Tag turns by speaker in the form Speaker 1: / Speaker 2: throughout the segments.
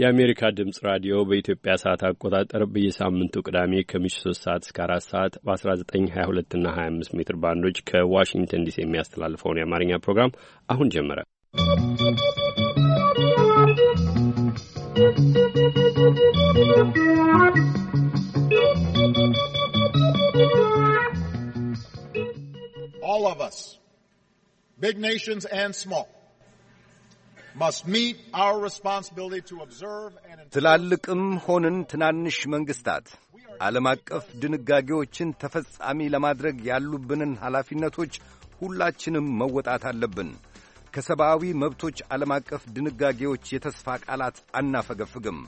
Speaker 1: የአሜሪካ ድምፅ ራዲዮ በኢትዮጵያ ሰዓት አቆጣጠር በየሳምንቱ ቅዳሜ ከምሽቱ 3 ሰዓት እስከ 4 ሰዓት በ1922 እና 25 ሜትር ባንዶች ከዋሽንግተን ዲሲ የሚያስተላልፈውን የአማርኛ ፕሮግራም አሁን ጀመረ።
Speaker 2: All of us, big nations and small.
Speaker 3: ትላልቅም ሆንን ትናንሽ መንግሥታት ዓለም አቀፍ ድንጋጌዎችን ተፈጻሚ ለማድረግ ያሉብንን ኃላፊነቶች ሁላችንም መወጣት አለብን። ከሰብአዊ መብቶች ዓለም አቀፍ ድንጋጌዎች የተስፋ ቃላት አናፈገፍግም።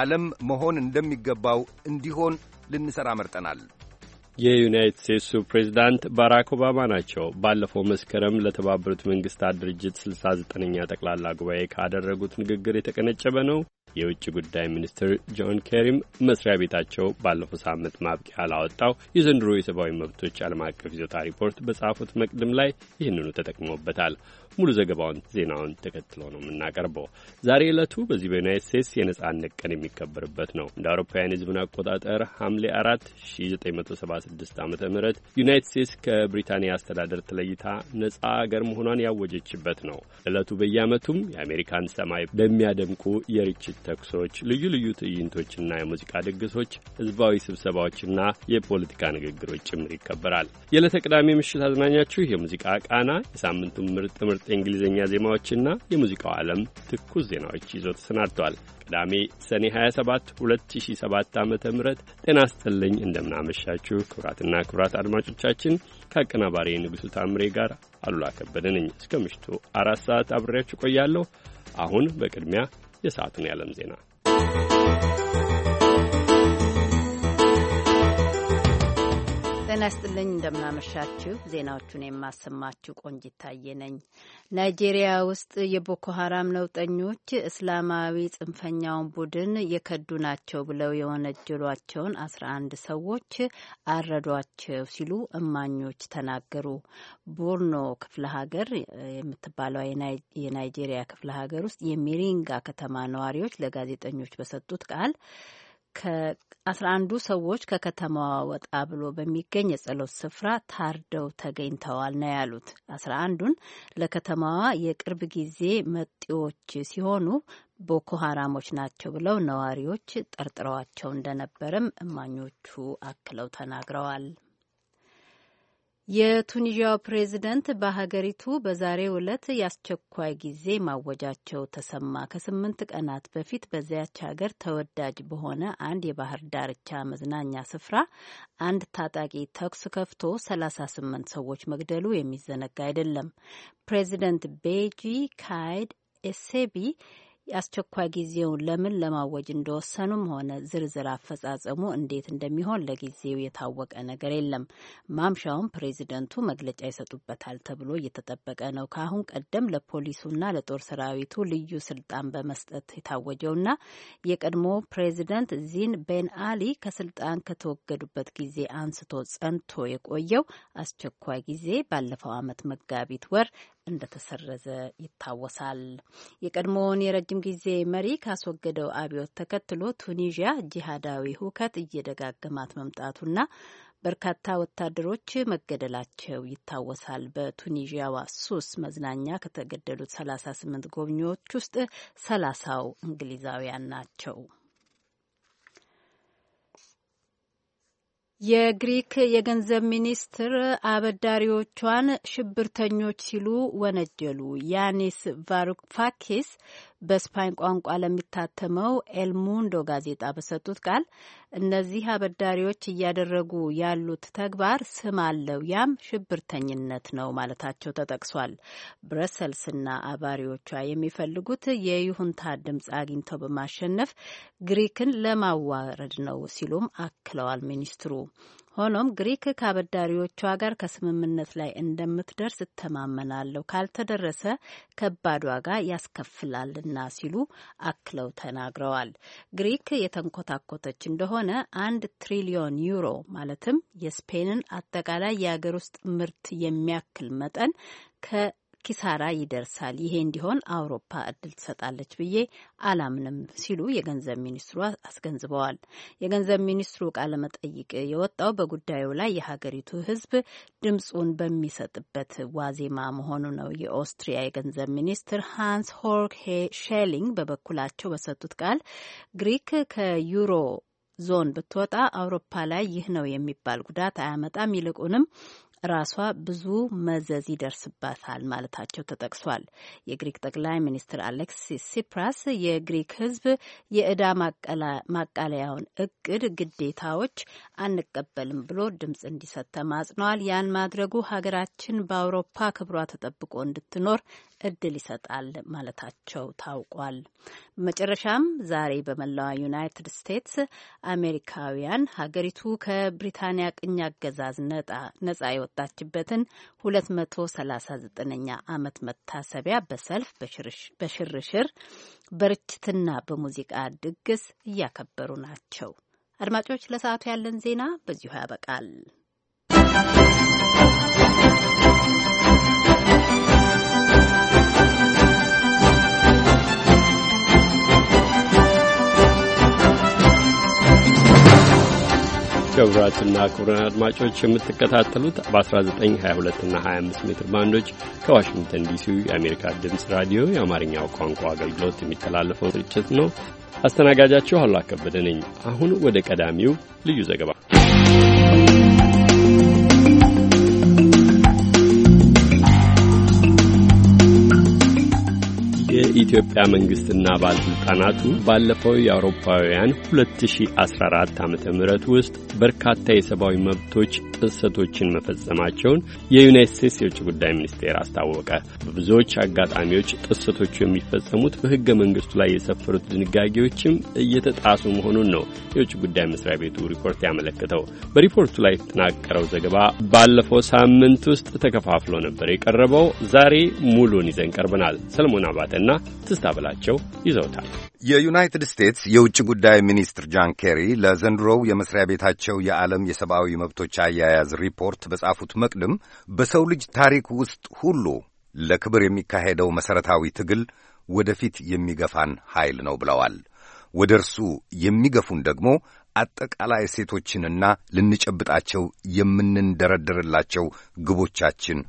Speaker 3: ዓለም መሆን እንደሚገባው እንዲሆን ልንሠራ መርጠናል።
Speaker 1: የዩናይትድ ስቴትሱ ፕሬዚዳንት ባራክ ኦባማ ናቸው። ባለፈው መስከረም ለተባበሩት መንግስታት ድርጅት ስልሳ ዘጠነኛ ጠቅላላ ጉባኤ ካደረጉት ንግግር የተቀነጨበ ነው። የውጭ ጉዳይ ሚኒስትር ጆን ኬሪም መስሪያ ቤታቸው ባለፈው ሳምንት ማብቂያ ላወጣው የዘንድሮ የሰብአዊ መብቶች ዓለም አቀፍ ይዞታ ሪፖርት በጻፉት መቅድም ላይ ይህንኑ ተጠቅመውበታል። ሙሉ ዘገባውን ዜናውን ተከትሎ ነው የምናቀርበው። ዛሬ ዕለቱ በዚህ በዩናይት ስቴትስ የነጻነት ቀን የሚከበርበት ነው። እንደ አውሮፓውያን ህዝብን አቆጣጠር ሐምሌ 4 1976 ዓ ም ዩናይት ስቴትስ ከብሪታንያ አስተዳደር ተለይታ ነጻ አገር መሆኗን ያወጀችበት ነው። ዕለቱ በየዓመቱም የአሜሪካን ሰማይ በሚያደምቁ የርችት ተኩሶች፣ ልዩ ልዩ ትዕይንቶችና የሙዚቃ ድግሶች፣ ህዝባዊ ስብሰባዎችና የፖለቲካ ንግግሮች ጭምር ይከበራል። የዕለተ ቅዳሜ ምሽት አዝናኛችሁ የሙዚቃ ቃና የሳምንቱን ምርጥ ምርጥ ምርጥ የእንግሊዝኛ ዜማዎችና የሙዚቃው ዓለም ትኩስ ዜናዎች ይዞ ተሰናድተዋል። ቅዳሜ ሰኔ 27 2007 ዓ ም ጤና ስጥልኝ እንደምናመሻችሁ ክቡራትና ክቡራት አድማጮቻችን ከአቀናባሪ ንጉሡ ታምሬ ጋር አሉላ ከበደ ነኝ። እስከ ምሽቱ አራት ሰዓት አብሬያችሁ ቆያለሁ። አሁን በቅድሚያ የሰዓቱን የዓለም ዜና
Speaker 4: ጤና ይስጥልኝ እንደምናመሻችሁ። ዜናዎቹን የማሰማችሁ ቆንጂት ታየ ነኝ። ናይጄሪያ ውስጥ የቦኮ ሀራም ነውጠኞች እስላማዊ ጽንፈኛውን ቡድን የከዱ ናቸው ብለው የወነጀሏቸውን አስራ አንድ ሰዎች አረዷቸው ሲሉ እማኞች ተናገሩ። ቦርኖ ክፍለ ሀገር የምትባለው የናይጄሪያ ክፍለ ሀገር ውስጥ የሚሪንጋ ከተማ ነዋሪዎች ለጋዜጠኞች በሰጡት ቃል አስራ አንዱ ሰዎች ከከተማዋ ወጣ ብሎ በሚገኝ የጸሎት ስፍራ ታርደው ተገኝተዋል ነው ያሉት። አስራ አንዱን ለከተማዋ የቅርብ ጊዜ መጤዎች ሲሆኑ ቦኮ ሀራሞች ናቸው ብለው ነዋሪዎች ጠርጥረዋቸው እንደነበረም እማኞቹ አክለው ተናግረዋል። የቱኒዥያው ፕሬዝደንት በሀገሪቱ በዛሬው ዕለት የአስቸኳይ ጊዜ ማወጃቸው ተሰማ። ከስምንት ቀናት በፊት በዚያች ሀገር ተወዳጅ በሆነ አንድ የባህር ዳርቻ መዝናኛ ስፍራ አንድ ታጣቂ ተኩስ ከፍቶ ሰላሳ ስምንት ሰዎች መግደሉ የሚዘነጋ አይደለም። ፕሬዚደንት ቤጂ ካይድ ኤሴቢ የአስቸኳይ ጊዜውን ለምን ለማወጅ እንደወሰኑም ሆነ ዝርዝር አፈጻጸሙ እንዴት እንደሚሆን ለጊዜው የታወቀ ነገር የለም። ማምሻውን ፕሬዚደንቱ መግለጫ ይሰጡበታል ተብሎ እየተጠበቀ ነው። ከአሁን ቀደም ለፖሊሱና ለጦር ሰራዊቱ ልዩ ስልጣን በመስጠት የታወጀውና የቀድሞ ፕሬዚደንት ዚን ቤን አሊ ከስልጣን ከተወገዱበት ጊዜ አንስቶ ጸንቶ የቆየው አስቸኳይ ጊዜ ባለፈው ዓመት መጋቢት ወር እንደተሰረዘ ይታወሳል። የቀድሞውን የረጅም ጊዜ መሪ ካስወገደው አብዮት ተከትሎ ቱኒዥያ ጂሃዳዊ ሁከት እየደጋገማት መምጣቱና በርካታ ወታደሮች መገደላቸው ይታወሳል። በቱኒዥያዋ ሱስ መዝናኛ ከተገደሉት 38 ጎብኚዎች ውስጥ ሰላሳው እንግሊዛውያን ናቸው። የግሪክ የገንዘብ ሚኒስትር አበዳሪዎቿን ሽብርተኞች ሲሉ ወነጀሉ። ያኒስ ቫሩፋኪስ በስፓኝ ቋንቋ ለሚታተመው ኤልሙንዶ ጋዜጣ በሰጡት ቃል እነዚህ አበዳሪዎች እያደረጉ ያሉት ተግባር ስም አለው፣ ያም ሽብርተኝነት ነው ማለታቸው ተጠቅሷል። ብረሰልስና አባሪዎቿ የሚፈልጉት የይሁንታ ድምፅ አግኝተው በማሸነፍ ግሪክን ለማዋረድ ነው ሲሉም አክለዋል ሚኒስትሩ። ሆኖም ግሪክ ከአበዳሪዎቿ ጋር ከስምምነት ላይ እንደምትደርስ እተማመናለሁ፣ ካልተደረሰ ከባድ ዋጋ ያስከፍላልና ሲሉ አክለው ተናግረዋል። ግሪክ የተንኮታኮተች እንደሆነ አንድ ትሪሊዮን ዩሮ ማለትም የስፔንን አጠቃላይ የአገር ውስጥ ምርት የሚያክል መጠን ኪሳራ ይደርሳል። ይሄ እንዲሆን አውሮፓ እድል ትሰጣለች ብዬ አላምንም ሲሉ የገንዘብ ሚኒስትሩ አስገንዝበዋል። የገንዘብ ሚኒስትሩ ቃለ መጠይቅ የወጣው በጉዳዩ ላይ የሀገሪቱ ሕዝብ ድምፁን በሚሰጥበት ዋዜማ መሆኑ ነው። የኦስትሪያ የገንዘብ ሚኒስትር ሃንስ ሆርክ ሼሊንግ በበኩላቸው በሰጡት ቃል ግሪክ ከዩሮ ዞን ብትወጣ አውሮፓ ላይ ይህ ነው የሚባል ጉዳት አያመጣም። ይልቁንም ራሷ ብዙ መዘዝ ይደርስባታል ማለታቸው ተጠቅሷል። የግሪክ ጠቅላይ ሚኒስትር አሌክሲስ ሲፕራስ የግሪክ ሕዝብ የእዳ ማቃለያውን እቅድ ግዴታዎች አንቀበልም ብሎ ድምጽ እንዲሰጥ ተማጽነዋል። ያን ማድረጉ ሀገራችን በአውሮፓ ክብሯ ተጠብቆ እንድትኖር እድል ይሰጣል ማለታቸው ታውቋል። በመጨረሻም ዛሬ በመላዋ ዩናይትድ ስቴትስ አሜሪካውያን ሀገሪቱ ከብሪታንያ ቅኝ አገዛዝ ነጻ የወጣችበትን 239ኛ ዓመት መታሰቢያ በሰልፍ በሽርሽር በርችትና በሙዚቃ ድግስ እያከበሩ ናቸው። አድማጮች፣ ለሰዓቱ ያለን ዜና በዚሁ ያበቃል።
Speaker 1: ክቡራትና ክቡራን አድማጮች የምትከታተሉት በ1922 እና 25 ሜትር ባንዶች ከዋሽንግተን ዲሲው የአሜሪካ ድምፅ ራዲዮ የአማርኛው ቋንቋ አገልግሎት የሚተላለፈው ስርጭት ነው። አስተናጋጃችሁ አሉላ ከበደ ነኝ። አሁን ወደ ቀዳሚው ልዩ ዘገባ የኢትዮጵያ መንግሥትና ባለሥልጣናቱ ባለፈው የአውሮፓውያን 2014 ዓ ም ውስጥ በርካታ የሰብአዊ መብቶች ጥሰቶችን መፈጸማቸውን የዩናይት ስቴትስ የውጭ ጉዳይ ሚኒስቴር አስታወቀ። በብዙዎች አጋጣሚዎች ጥሰቶቹ የሚፈጸሙት በሕገ መንግሥቱ ላይ የሰፈሩት ድንጋጌዎችም እየተጣሱ መሆኑን ነው የውጭ ጉዳይ መስሪያ ቤቱ ሪፖርት ያመለክተው። በሪፖርቱ ላይ የተጠናቀረው ዘገባ ባለፈው ሳምንት ውስጥ ተከፋፍሎ ነበር የቀረበው። ዛሬ ሙሉን ይዘን ቀርበናል። ሰለሞን አባተና ናቸውና ትስታ ብላቸው ይዘውታል። የዩናይትድ
Speaker 3: ስቴትስ የውጭ ጉዳይ ሚኒስትር ጃን ኬሪ ለዘንድሮው የመስሪያ ቤታቸው የዓለም የሰብአዊ መብቶች አያያዝ ሪፖርት በጻፉት መቅድም በሰው ልጅ ታሪክ ውስጥ ሁሉ ለክብር የሚካሄደው መሠረታዊ ትግል ወደፊት የሚገፋን ኃይል ነው ብለዋል። ወደ እርሱ የሚገፉን ደግሞ አጠቃላይ ሴቶችንና ልንጨብጣቸው የምንንደረደርላቸው ግቦቻችን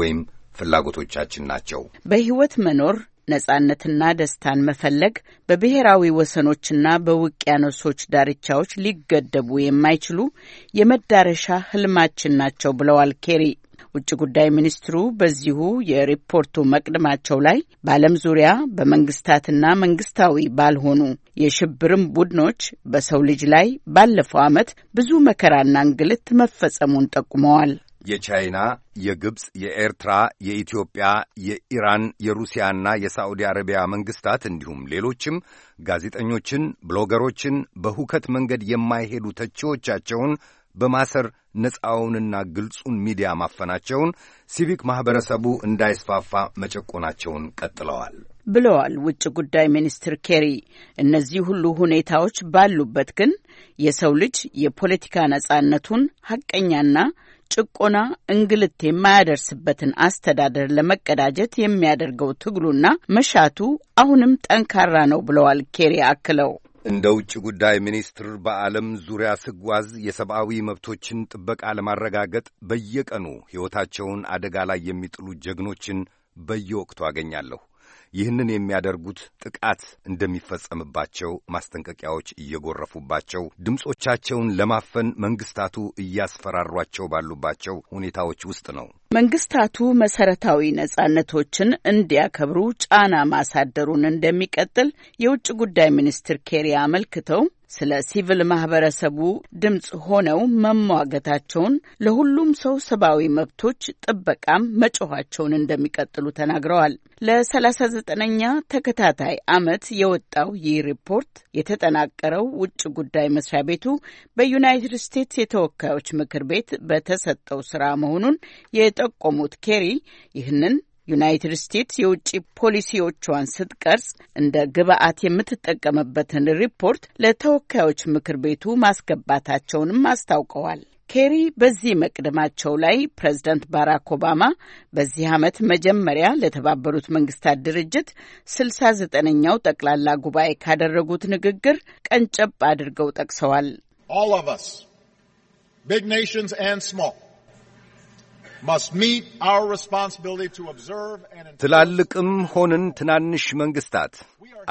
Speaker 3: ወይም ፍላጎቶቻችን ናቸው።
Speaker 5: በሕይወት መኖር ነጻነትና ደስታን መፈለግ በብሔራዊ ወሰኖችና በውቅያኖሶች ዳርቻዎች ሊገደቡ የማይችሉ የመዳረሻ ህልማችን ናቸው ብለዋል ኬሪ። ውጭ ጉዳይ ሚኒስትሩ በዚሁ የሪፖርቱ መቅድማቸው ላይ በዓለም ዙሪያ በመንግስታትና መንግስታዊ ባልሆኑ የሽብርም ቡድኖች በሰው ልጅ ላይ ባለፈው ዓመት ብዙ መከራና እንግልት መፈጸሙን ጠቁመዋል።
Speaker 3: የቻይና፣ የግብፅ፣ የኤርትራ፣ የኢትዮጵያ፣ የኢራን፣ የሩሲያና የሳዑዲ አረቢያ መንግስታት እንዲሁም ሌሎችም ጋዜጠኞችን፣ ብሎገሮችን፣ በሁከት መንገድ የማይሄዱ ተቺዎቻቸውን በማሰር ነፃውንና ግልጹን ሚዲያ ማፈናቸውን፣ ሲቪክ ማኅበረሰቡ እንዳይስፋፋ መጨቆናቸውን ቀጥለዋል
Speaker 5: ብለዋል ውጭ ጉዳይ ሚኒስትር ኬሪ። እነዚህ ሁሉ ሁኔታዎች ባሉበት ግን የሰው ልጅ የፖለቲካ ነጻነቱን ሐቀኛና ጭቆና፣ እንግልት የማያደርስበትን አስተዳደር ለመቀዳጀት የሚያደርገው ትግሉና መሻቱ አሁንም ጠንካራ ነው ብለዋል ኬሪ
Speaker 3: አክለው። እንደ ውጭ ጉዳይ ሚኒስትር በዓለም ዙሪያ ስጓዝ የሰብአዊ መብቶችን ጥበቃ ለማረጋገጥ በየቀኑ ሕይወታቸውን አደጋ ላይ የሚጥሉ ጀግኖችን በየወቅቱ አገኛለሁ። ይህንን የሚያደርጉት ጥቃት እንደሚፈጸምባቸው ማስጠንቀቂያዎች እየጎረፉባቸው ድምፆቻቸውን ለማፈን መንግስታቱ እያስፈራሯቸው ባሉባቸው ሁኔታዎች ውስጥ ነው።
Speaker 5: መንግስታቱ መሰረታዊ ነጻነቶችን እንዲያከብሩ ጫና ማሳደሩን እንደሚቀጥል የውጭ ጉዳይ ሚኒስትር ኬሪ አመልክተው ስለ ሲቪል ማህበረሰቡ ድምፅ ሆነው መሟገታቸውን ለሁሉም ሰው ሰብአዊ መብቶች ጥበቃም መጮኋቸውን እንደሚቀጥሉ ተናግረዋል። ለ39ኛ ተከታታይ ዓመት የወጣው ይህ ሪፖርት የተጠናቀረው ውጭ ጉዳይ መስሪያ ቤቱ በዩናይትድ ስቴትስ የተወካዮች ምክር ቤት በተሰጠው ስራ መሆኑን የጠቆሙት ኬሪ ይህንን ዩናይትድ ስቴትስ የውጭ ፖሊሲዎቿን ስትቀርጽ እንደ ግብአት የምትጠቀምበትን ሪፖርት ለተወካዮች ምክር ቤቱ ማስገባታቸውንም አስታውቀዋል። ኬሪ በዚህ መቅደማቸው ላይ ፕሬዝደንት ባራክ ኦባማ በዚህ ዓመት መጀመሪያ ለተባበሩት መንግስታት ድርጅት ስልሳ ዘጠነኛው ጠቅላላ ጉባኤ ካደረጉት ንግግር ቀንጨብ አድርገው ጠቅሰዋል።
Speaker 2: All of us, big nations and small.
Speaker 3: ትላልቅም ሆንን ትናንሽ መንግሥታት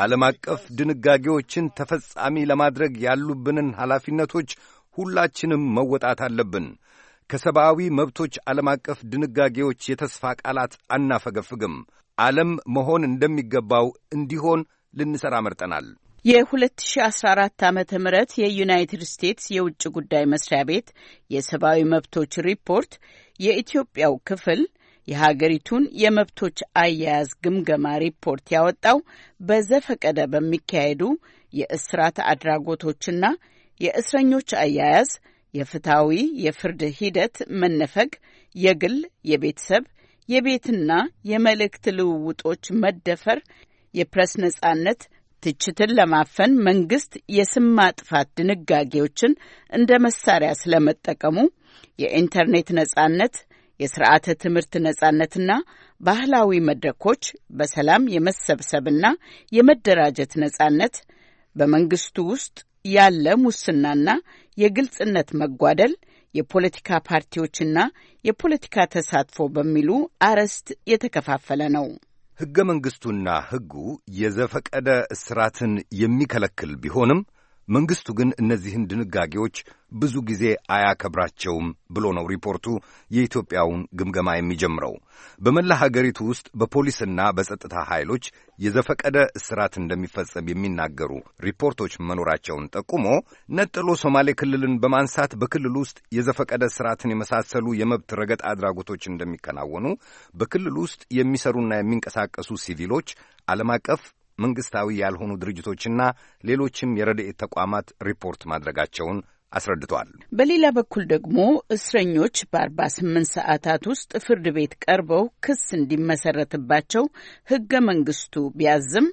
Speaker 3: ዓለም አቀፍ ድንጋጌዎችን ተፈጻሚ ለማድረግ ያሉብንን ኃላፊነቶች ሁላችንም መወጣት አለብን። ከሰብአዊ መብቶች ዓለም አቀፍ ድንጋጌዎች የተስፋ ቃላት አናፈገፍግም። ዓለም መሆን እንደሚገባው እንዲሆን ልንሠራ መርጠናል።
Speaker 5: የ2014 ዓ ም የዩናይትድ ስቴትስ የውጭ ጉዳይ መስሪያ ቤት የሰብአዊ መብቶች ሪፖርት የኢትዮጵያው ክፍል የሀገሪቱን የመብቶች አያያዝ ግምገማ ሪፖርት ያወጣው በዘፈቀደ በሚካሄዱ የእስራት አድራጎቶችና የእስረኞች አያያዝ፣ የፍትሐዊ የፍርድ ሂደት መነፈግ፣ የግል የቤተሰብ የቤትና የመልእክት ልውውጦች መደፈር፣ የፕሬስ ነጻነት ትችትን ለማፈን መንግስት የስም ማጥፋት ድንጋጌዎችን እንደ መሳሪያ ስለመጠቀሙ የኢንተርኔት ነጻነት፣ የስርዓተ ትምህርት ነጻነትና ባህላዊ መድረኮች፣ በሰላም የመሰብሰብና የመደራጀት ነጻነት፣ በመንግስቱ ውስጥ ያለ ሙስናና የግልጽነት መጓደል፣ የፖለቲካ ፓርቲዎችና የፖለቲካ ተሳትፎ በሚሉ አርዕስት የተከፋፈለ
Speaker 3: ነው። ሕገ መንግሥቱና ሕጉ የዘፈቀደ እስራትን የሚከለክል ቢሆንም መንግሥቱ ግን እነዚህን ድንጋጌዎች ብዙ ጊዜ አያከብራቸውም ብሎ ነው ሪፖርቱ የኢትዮጵያውን ግምገማ የሚጀምረው። በመላ ሀገሪቱ ውስጥ በፖሊስና በጸጥታ ኃይሎች የዘፈቀደ እስራት እንደሚፈጸም የሚናገሩ ሪፖርቶች መኖራቸውን ጠቁሞ ነጥሎ ሶማሌ ክልልን በማንሳት በክልል ውስጥ የዘፈቀደ እስራትን የመሳሰሉ የመብት ረገጥ አድራጎቶች እንደሚከናወኑ፣ በክልል ውስጥ የሚሰሩና የሚንቀሳቀሱ ሲቪሎች ዓለም አቀፍ መንግሥታዊ ያልሆኑ ድርጅቶችና ሌሎችም የረድኤት ተቋማት ሪፖርት ማድረጋቸውን አስረድቷል።
Speaker 5: በሌላ በኩል ደግሞ እስረኞች በ48 ሰዓታት ውስጥ ፍርድ ቤት ቀርበው ክስ እንዲመሰረትባቸው ሕገ መንግስቱ ቢያዝም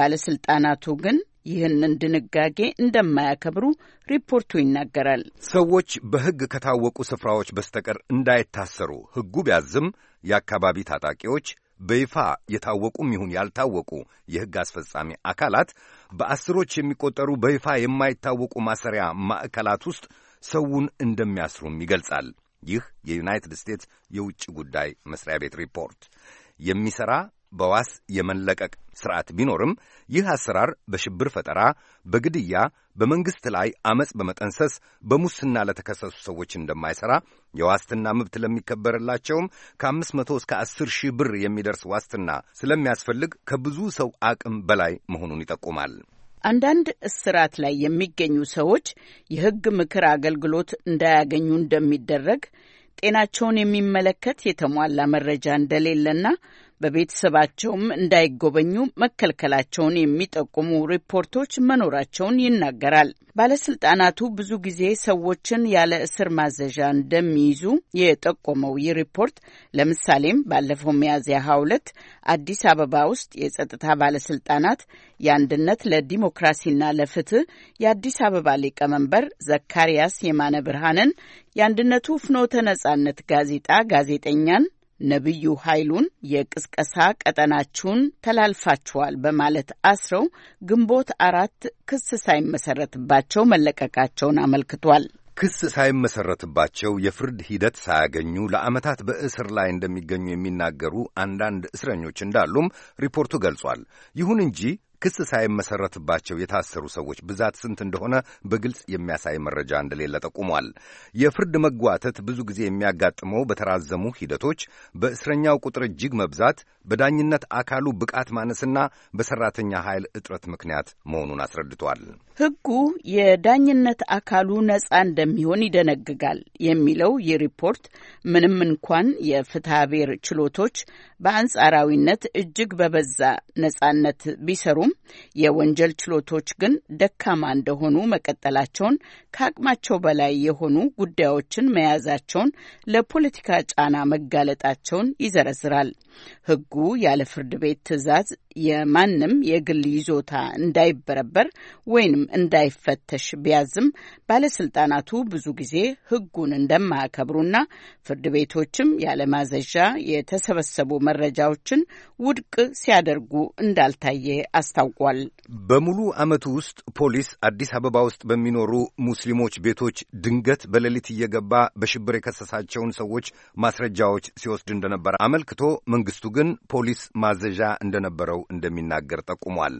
Speaker 5: ባለስልጣናቱ ግን ይህንን ድንጋጌ እንደማያከብሩ ሪፖርቱ ይናገራል።
Speaker 3: ሰዎች በሕግ ከታወቁ ስፍራዎች በስተቀር እንዳይታሰሩ ሕጉ ቢያዝም የአካባቢ ታጣቂዎች በይፋ የታወቁም ይሁን ያልታወቁ የሕግ አስፈጻሚ አካላት በአስሮች የሚቆጠሩ በይፋ የማይታወቁ ማሰሪያ ማዕከላት ውስጥ ሰውን እንደሚያስሩም ይገልጻል። ይህ የዩናይትድ ስቴትስ የውጭ ጉዳይ መስሪያ ቤት ሪፖርት የሚሠራ በዋስ የመለቀቅ ስርዓት ቢኖርም ይህ አሰራር በሽብር ፈጠራ፣ በግድያ፣ በመንግሥት ላይ አመፅ በመጠንሰስ፣ በሙስና ለተከሰሱ ሰዎች እንደማይሠራ የዋስትና መብት ለሚከበርላቸውም ከአምስት መቶ እስከ አስር ሺህ ብር የሚደርስ ዋስትና ስለሚያስፈልግ ከብዙ ሰው አቅም በላይ መሆኑን ይጠቁማል።
Speaker 5: አንዳንድ እስራት ላይ የሚገኙ ሰዎች የሕግ ምክር አገልግሎት እንዳያገኙ እንደሚደረግ ጤናቸውን የሚመለከት የተሟላ መረጃ እንደሌለና በቤተሰባቸውም እንዳይጎበኙ መከልከላቸውን የሚጠቁሙ ሪፖርቶች መኖራቸውን ይናገራል። ባለስልጣናቱ ብዙ ጊዜ ሰዎችን ያለ እስር ማዘዣ እንደሚይዙ የጠቆመው ይህ ሪፖርት ለምሳሌም ባለፈው ሚያዝያ 22 አዲስ አበባ ውስጥ የጸጥታ ባለስልጣናት የአንድነት ለዲሞክራሲና ለፍትህ የአዲስ አበባ ሊቀመንበር ዘካሪያስ የማነ ብርሃንን የአንድነቱ ፍኖተ ነጻነት ጋዜጣ ጋዜጠኛን ነቢዩ ኃይሉን የቅስቀሳ ቀጠናችሁን ተላልፋችኋል በማለት አስረው ግንቦት አራት ክስ ሳይመሰረትባቸው መለቀቃቸውን አመልክቷል።
Speaker 3: ክስ ሳይመሰረትባቸው የፍርድ ሂደት ሳያገኙ ለዓመታት በእስር ላይ እንደሚገኙ የሚናገሩ አንዳንድ እስረኞች እንዳሉም ሪፖርቱ ገልጿል። ይሁን እንጂ ክስ ሳይመሰረትባቸው የታሰሩ ሰዎች ብዛት ስንት እንደሆነ በግልጽ የሚያሳይ መረጃ እንደሌለ ጠቁሟል። የፍርድ መጓተት ብዙ ጊዜ የሚያጋጥመው በተራዘሙ ሂደቶች፣ በእስረኛው ቁጥር እጅግ መብዛት፣ በዳኝነት አካሉ ብቃት ማነስና በሰራተኛ ኃይል እጥረት ምክንያት መሆኑን አስረድቷል።
Speaker 5: ሕጉ የዳኝነት አካሉ ነጻ እንደሚሆን ይደነግጋል የሚለው ይህ ሪፖርት ምንም እንኳን የፍትሐ ብሔር ችሎቶች በአንጻራዊነት እጅግ በበዛ ነጻነት ቢሰሩም ቢሆንም የወንጀል ችሎቶች ግን ደካማ እንደሆኑ መቀጠላቸውን፣ ከአቅማቸው በላይ የሆኑ ጉዳዮችን መያዛቸውን፣ ለፖለቲካ ጫና መጋለጣቸውን ይዘረዝራል። ሕጉ ያለ ፍርድ ቤት ትዕዛዝ የማንም የግል ይዞታ እንዳይበረበር ወይንም እንዳይፈተሽ ቢያዝም ባለስልጣናቱ ብዙ ጊዜ ሕጉን እንደማያከብሩና ፍርድ ቤቶችም ያለ ማዘዣ የተሰበሰቡ መረጃዎችን ውድቅ ሲያደርጉ እንዳልታየ አስታውቋል።
Speaker 3: በሙሉ ዓመቱ ውስጥ ፖሊስ አዲስ አበባ ውስጥ በሚኖሩ ሙስሊሞች ቤቶች ድንገት በሌሊት እየገባ በሽብር የከሰሳቸውን ሰዎች ማስረጃዎች ሲወስድ እንደነበረ አመልክቶ መንግስቱ ግን ፖሊስ ማዘዣ እንደነበረው እንደሚናገር ጠቁሟል።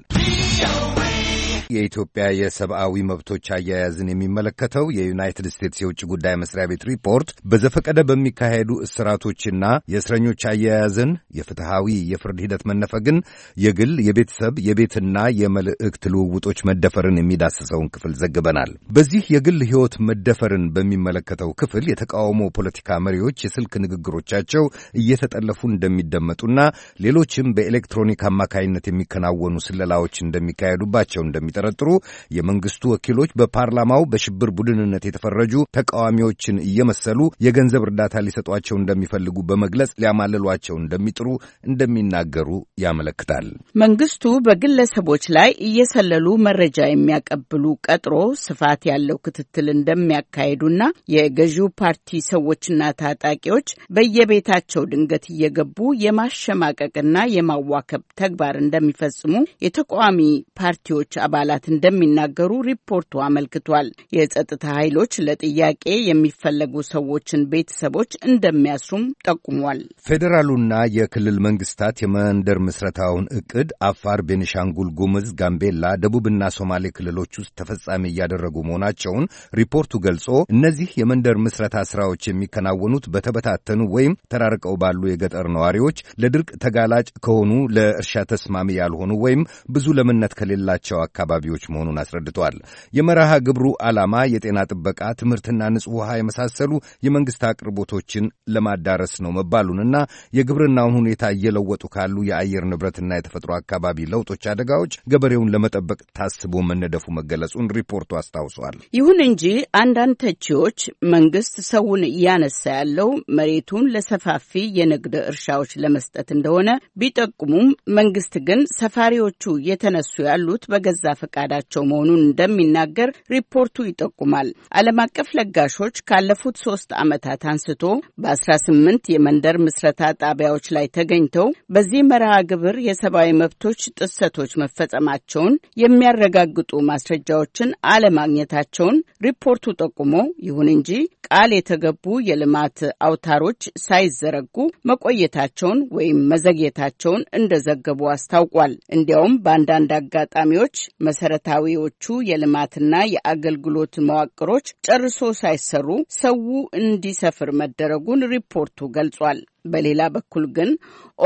Speaker 3: የኢትዮጵያ የሰብአዊ መብቶች አያያዝን የሚመለከተው የዩናይትድ ስቴትስ የውጭ ጉዳይ መስሪያ ቤት ሪፖርት በዘፈቀደ በሚካሄዱ እስራቶችና የእስረኞች አያያዝን፣ የፍትሐዊ የፍርድ ሂደት መነፈግን፣ የግል የቤተሰብ የቤትና የመልእክት ልውውጦች መደፈርን የሚዳስሰውን ክፍል ዘግበናል። በዚህ የግል ሕይወት መደፈርን በሚመለከተው ክፍል የተቃውሞ ፖለቲካ መሪዎች የስልክ ንግግሮቻቸው እየተጠለፉ እንደሚደመጡና ሌሎችም በኤሌክትሮኒክ አማካይነት የሚከናወኑ ስለላዎች እንደሚካሄዱባቸው እንደሚጠ የሚጠረጥሩ የመንግስቱ ወኪሎች በፓርላማው በሽብር ቡድንነት የተፈረጁ ተቃዋሚዎችን እየመሰሉ የገንዘብ እርዳታ ሊሰጧቸው እንደሚፈልጉ በመግለጽ ሊያማልሏቸው እንደሚጥሩ እንደሚናገሩ ያመለክታል።
Speaker 5: መንግስቱ በግለሰቦች ላይ እየሰለሉ መረጃ የሚያቀብሉ ቀጥሮ ስፋት ያለው ክትትል እንደሚያካሄዱና የገዢው ፓርቲ ሰዎችና ታጣቂዎች በየቤታቸው ድንገት እየገቡ የማሸማቀቅና የማዋከብ ተግባር እንደሚፈጽሙ የተቃዋሚ ፓርቲዎች አባላት አባላት እንደሚናገሩ ሪፖርቱ አመልክቷል። የጸጥታ ኃይሎች ለጥያቄ የሚፈለጉ ሰዎችን ቤተሰቦች እንደሚያስሩም ጠቁሟል።
Speaker 3: ፌዴራሉና የክልል መንግስታት የመንደር ምስረታውን እቅድ አፋር፣ ቤኒሻንጉል ጉምዝ፣ ጋምቤላ፣ ደቡብና ሶማሌ ክልሎች ውስጥ ተፈጻሚ እያደረጉ መሆናቸውን ሪፖርቱ ገልጾ እነዚህ የመንደር ምስረታ ስራዎች የሚከናወኑት በተበታተኑ ወይም ተራርቀው ባሉ የገጠር ነዋሪዎች ለድርቅ ተጋላጭ ከሆኑ ለእርሻ ተስማሚ ያልሆኑ ወይም ብዙ ለምነት ከሌላቸው አካባቢ አካባቢዎች መሆኑን አስረድተዋል። የመርሃ ግብሩ ዓላማ የጤና ጥበቃ፣ ትምህርትና ንጹሕ ውሃ የመሳሰሉ የመንግሥት አቅርቦቶችን ለማዳረስ ነው መባሉንና የግብርናውን ሁኔታ እየለወጡ ካሉ የአየር ንብረትና የተፈጥሮ አካባቢ ለውጦች አደጋዎች ገበሬውን ለመጠበቅ ታስቦ መነደፉ መገለጹን ሪፖርቱ አስታውሷል።
Speaker 5: ይሁን እንጂ አንዳንድ ተቺዎች መንግሥት ሰውን እያነሳ ያለው መሬቱን ለሰፋፊ የንግድ እርሻዎች ለመስጠት እንደሆነ ቢጠቁሙም መንግስት ግን ሰፋሪዎቹ የተነሱ ያሉት በገዛ ፈቃዳቸው መሆኑን እንደሚናገር ሪፖርቱ ይጠቁማል። ዓለም አቀፍ ለጋሾች ካለፉት ሶስት ዓመታት አንስቶ በ18 የመንደር ምስረታ ጣቢያዎች ላይ ተገኝተው በዚህ መርሃ ግብር የሰብአዊ መብቶች ጥሰቶች መፈጸማቸውን የሚያረጋግጡ ማስረጃዎችን አለማግኘታቸውን ሪፖርቱ ጠቁሞ ይሁን እንጂ ቃል የተገቡ የልማት አውታሮች ሳይዘረጉ መቆየታቸውን ወይም መዘግየታቸውን እንደዘገቡ አስታውቋል። እንዲያውም በአንዳንድ አጋጣሚዎች መሰረታዊዎቹ የልማትና የአገልግሎት መዋቅሮች ጨርሶ ሳይሰሩ ሰው እንዲሰፍር መደረጉን ሪፖርቱ ገልጿል። በሌላ በኩል ግን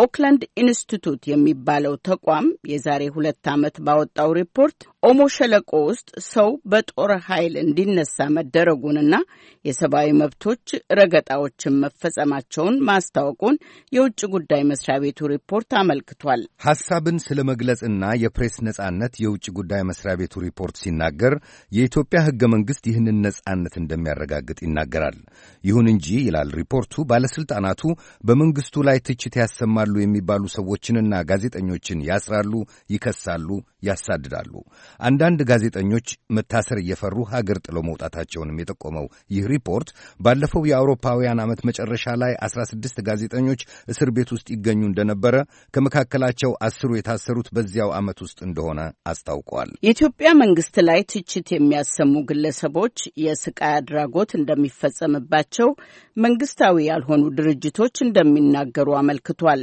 Speaker 5: ኦክላንድ ኢንስቲቱት የሚባለው ተቋም የዛሬ ሁለት ዓመት ባወጣው ሪፖርት ኦሞ ሸለቆ ውስጥ ሰው በጦር ኃይል እንዲነሳ መደረጉንና የሰብአዊ መብቶች ረገጣዎችን መፈጸማቸውን ማስታወቁን የውጭ ጉዳይ መስሪያ ቤቱ ሪፖርት አመልክቷል።
Speaker 3: ሐሳብን ስለ መግለጽና የፕሬስ ነጻነት የውጭ ጉዳይ መስሪያ ቤቱ ሪፖርት ሲናገር የኢትዮጵያ ሕገ መንግሥት ይህንን ነጻነት እንደሚያረጋግጥ ይናገራል። ይሁን እንጂ ይላል ሪፖርቱ ባለሥልጣናቱ በመንግሥቱ ላይ ትችት ያሰማሉ የሚባሉ ሰዎችንና ጋዜጠኞችን ያስራሉ፣ ይከሳሉ፣ ያሳድዳሉ። አንዳንድ ጋዜጠኞች መታሰር እየፈሩ ሀገር ጥለው መውጣታቸውንም የጠቆመው ይህ ሪፖርት ባለፈው የአውሮፓውያን ዓመት መጨረሻ ላይ 16 ጋዜጠኞች እስር ቤት ውስጥ ይገኙ እንደነበረ ከመካከላቸው አስሩ የታሰሩት በዚያው ዓመት ውስጥ እንደሆነ አስታውቀዋል።
Speaker 5: የኢትዮጵያ መንግሥት ላይ ትችት የሚያሰሙ ግለሰቦች የስቃይ አድራጎት እንደሚፈጸምባቸው መንግሥታዊ ያልሆኑ ድርጅቶች እንደሚናገሩ አመልክቷል።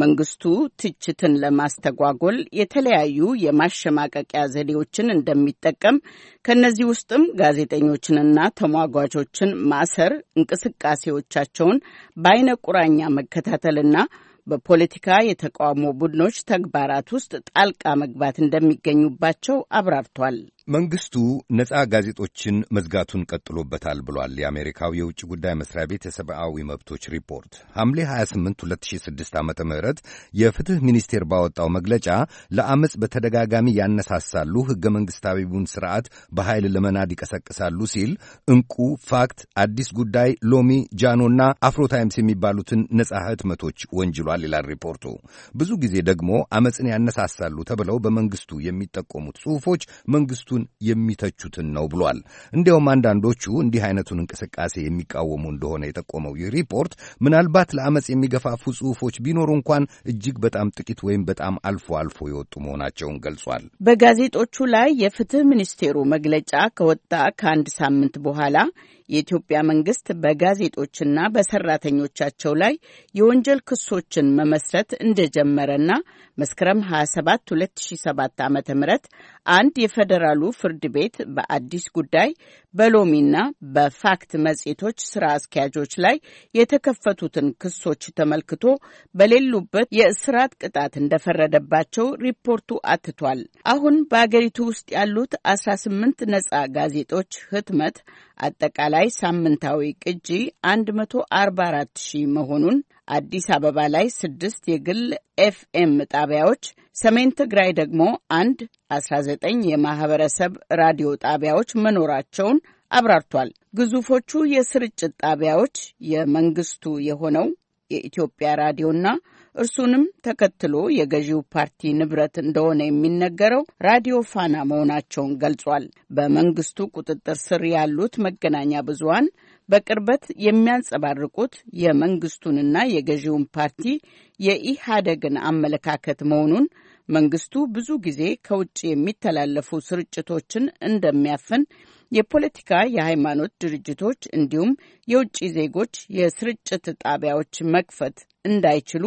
Speaker 5: መንግስቱ ትችትን ለማስተጓጎል የተለያዩ የማሸማቀቂያ ዘዴዎችን እንደሚጠቀም ከእነዚህ ውስጥም ጋዜጠኞችንና ተሟጓቾችን ማሰር፣ እንቅስቃሴዎቻቸውን በአይነ ቁራኛ መከታተልና በፖለቲካ የተቃውሞ ቡድኖች ተግባራት ውስጥ ጣልቃ መግባት እንደሚገኙባቸው አብራርቷል።
Speaker 3: መንግስቱ ነፃ ጋዜጦችን መዝጋቱን ቀጥሎበታል ብሏል የአሜሪካው የውጭ ጉዳይ መስሪያ ቤት የሰብአዊ መብቶች ሪፖርት። ሐምሌ 28 2006 ዓ ም የፍትህ ሚኒስቴር ባወጣው መግለጫ ለአመፅ በተደጋጋሚ ያነሳሳሉ፣ ሕገ መንግሥታዊውን ሥርዓት በኃይል ለመናድ ይቀሰቅሳሉ ሲል እንቁ ፋክት፣ አዲስ ጉዳይ፣ ሎሚ፣ ጃኖና አፍሮ ታይምስ የሚባሉትን ነጻ ህትመቶች ወንጅሏል ይላል ሪፖርቱ። ብዙ ጊዜ ደግሞ አመፅን ያነሳሳሉ ተብለው በመንግስቱ የሚጠቆሙት ጽሑፎች መንግስቱ መንግሥቱን የሚተቹትን ነው ብሏል። እንዲያውም አንዳንዶቹ እንዲህ አይነቱን እንቅስቃሴ የሚቃወሙ እንደሆነ የጠቆመው ይህ ሪፖርት ምናልባት ለአመፅ የሚገፋፉ ጽሁፎች ቢኖሩ እንኳን እጅግ በጣም ጥቂት ወይም በጣም አልፎ አልፎ የወጡ መሆናቸውን ገልጿል።
Speaker 5: በጋዜጦቹ ላይ የፍትህ ሚኒስቴሩ መግለጫ ከወጣ ከአንድ ሳምንት በኋላ የኢትዮጵያ መንግስት በጋዜጦችና በሰራተኞቻቸው ላይ የወንጀል ክሶችን መመስረት እንደጀመረና መስከረም 27 2007 ዓ ም አንድ የፌዴራሉ ፍርድ ቤት በአዲስ ጉዳይ በሎሚና በፋክት መጽሔቶች ስራ አስኪያጆች ላይ የተከፈቱትን ክሶች ተመልክቶ በሌሉበት የእስራት ቅጣት እንደፈረደባቸው ሪፖርቱ አትቷል። አሁን በአገሪቱ ውስጥ ያሉት 18 ነጻ ጋዜጦች ህትመት አጠቃላይ ላይ ሳምንታዊ ቅጂ 144 ሺህ መሆኑን አዲስ አበባ ላይ ስድስት የግል ኤፍኤም ጣቢያዎች፣ ሰሜን ትግራይ ደግሞ አንድ 19 የማህበረሰብ ራዲዮ ጣቢያዎች መኖራቸውን አብራርቷል። ግዙፎቹ የስርጭት ጣቢያዎች የመንግስቱ የሆነው የኢትዮጵያ ራዲዮና እርሱንም ተከትሎ የገዢው ፓርቲ ንብረት እንደሆነ የሚነገረው ራዲዮ ፋና መሆናቸውን ገልጿል። በመንግስቱ ቁጥጥር ስር ያሉት መገናኛ ብዙሃን በቅርበት የሚያንጸባርቁት የመንግስቱንና የገዢውን ፓርቲ የኢህአደግን አመለካከት መሆኑን መንግስቱ ብዙ ጊዜ ከውጭ የሚተላለፉ ስርጭቶችን እንደሚያፍን የፖለቲካ የሃይማኖት ድርጅቶች እንዲሁም የውጭ ዜጎች የስርጭት ጣቢያዎች መክፈት እንዳይችሉ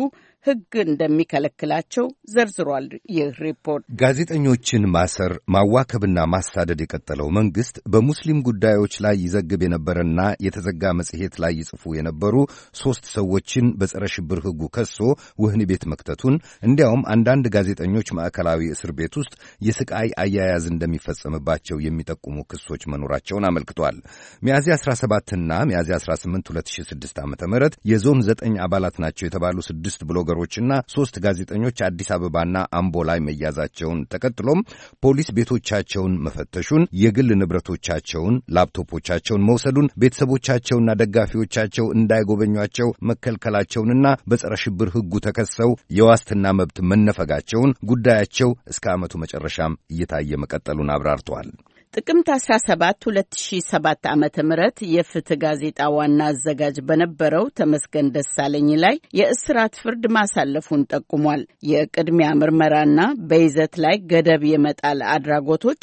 Speaker 5: ሕግ እንደሚከለክላቸው ዘርዝሯል። ይህ ሪፖርት
Speaker 3: ጋዜጠኞችን ማሰር፣ ማዋከብና ማሳደድ የቀጠለው መንግሥት በሙስሊም ጉዳዮች ላይ ይዘግብ የነበረና የተዘጋ መጽሔት ላይ ይጽፉ የነበሩ ሦስት ሰዎችን በጸረ ሽብር ሕጉ ከሶ ውህን ቤት መክተቱን እንዲያውም አንዳንድ ጋዜጠኞች ማዕከላዊ እስር ቤት ውስጥ የስቃይ አያያዝ እንደሚፈጸምባቸው የሚጠቁሙ ክሶች መኖራቸውን አመልክቷል። ሚያዝያ 17ና ሚያዝያ 18 2006 ዓ ም የዞን ዘጠኝ አባላት ናቸው የተባሉ ስድስት ብሎገ ሪፖርተሮችና ሶስት ጋዜጠኞች አዲስ አበባና አምቦ ላይ መያዛቸውን ተከትሎም ፖሊስ ቤቶቻቸውን መፈተሹን፣ የግል ንብረቶቻቸውን፣ ላፕቶፖቻቸውን መውሰዱን፣ ቤተሰቦቻቸውና ደጋፊዎቻቸው እንዳይጎበኟቸው መከልከላቸውንና በጸረ ሽብር ሕጉ ተከሰው የዋስትና መብት መነፈጋቸውን ጉዳያቸው እስከ ዓመቱ መጨረሻም እየታየ መቀጠሉን አብራርተዋል።
Speaker 5: ጥቅምት 17 2007 ዓ ም የፍትህ ጋዜጣ ዋና አዘጋጅ በነበረው ተመስገን ደሳለኝ ላይ የእስራት ፍርድ ማሳለፉን ጠቁሟል። የቅድሚያ ምርመራና በይዘት ላይ ገደብ የመጣል አድራጎቶች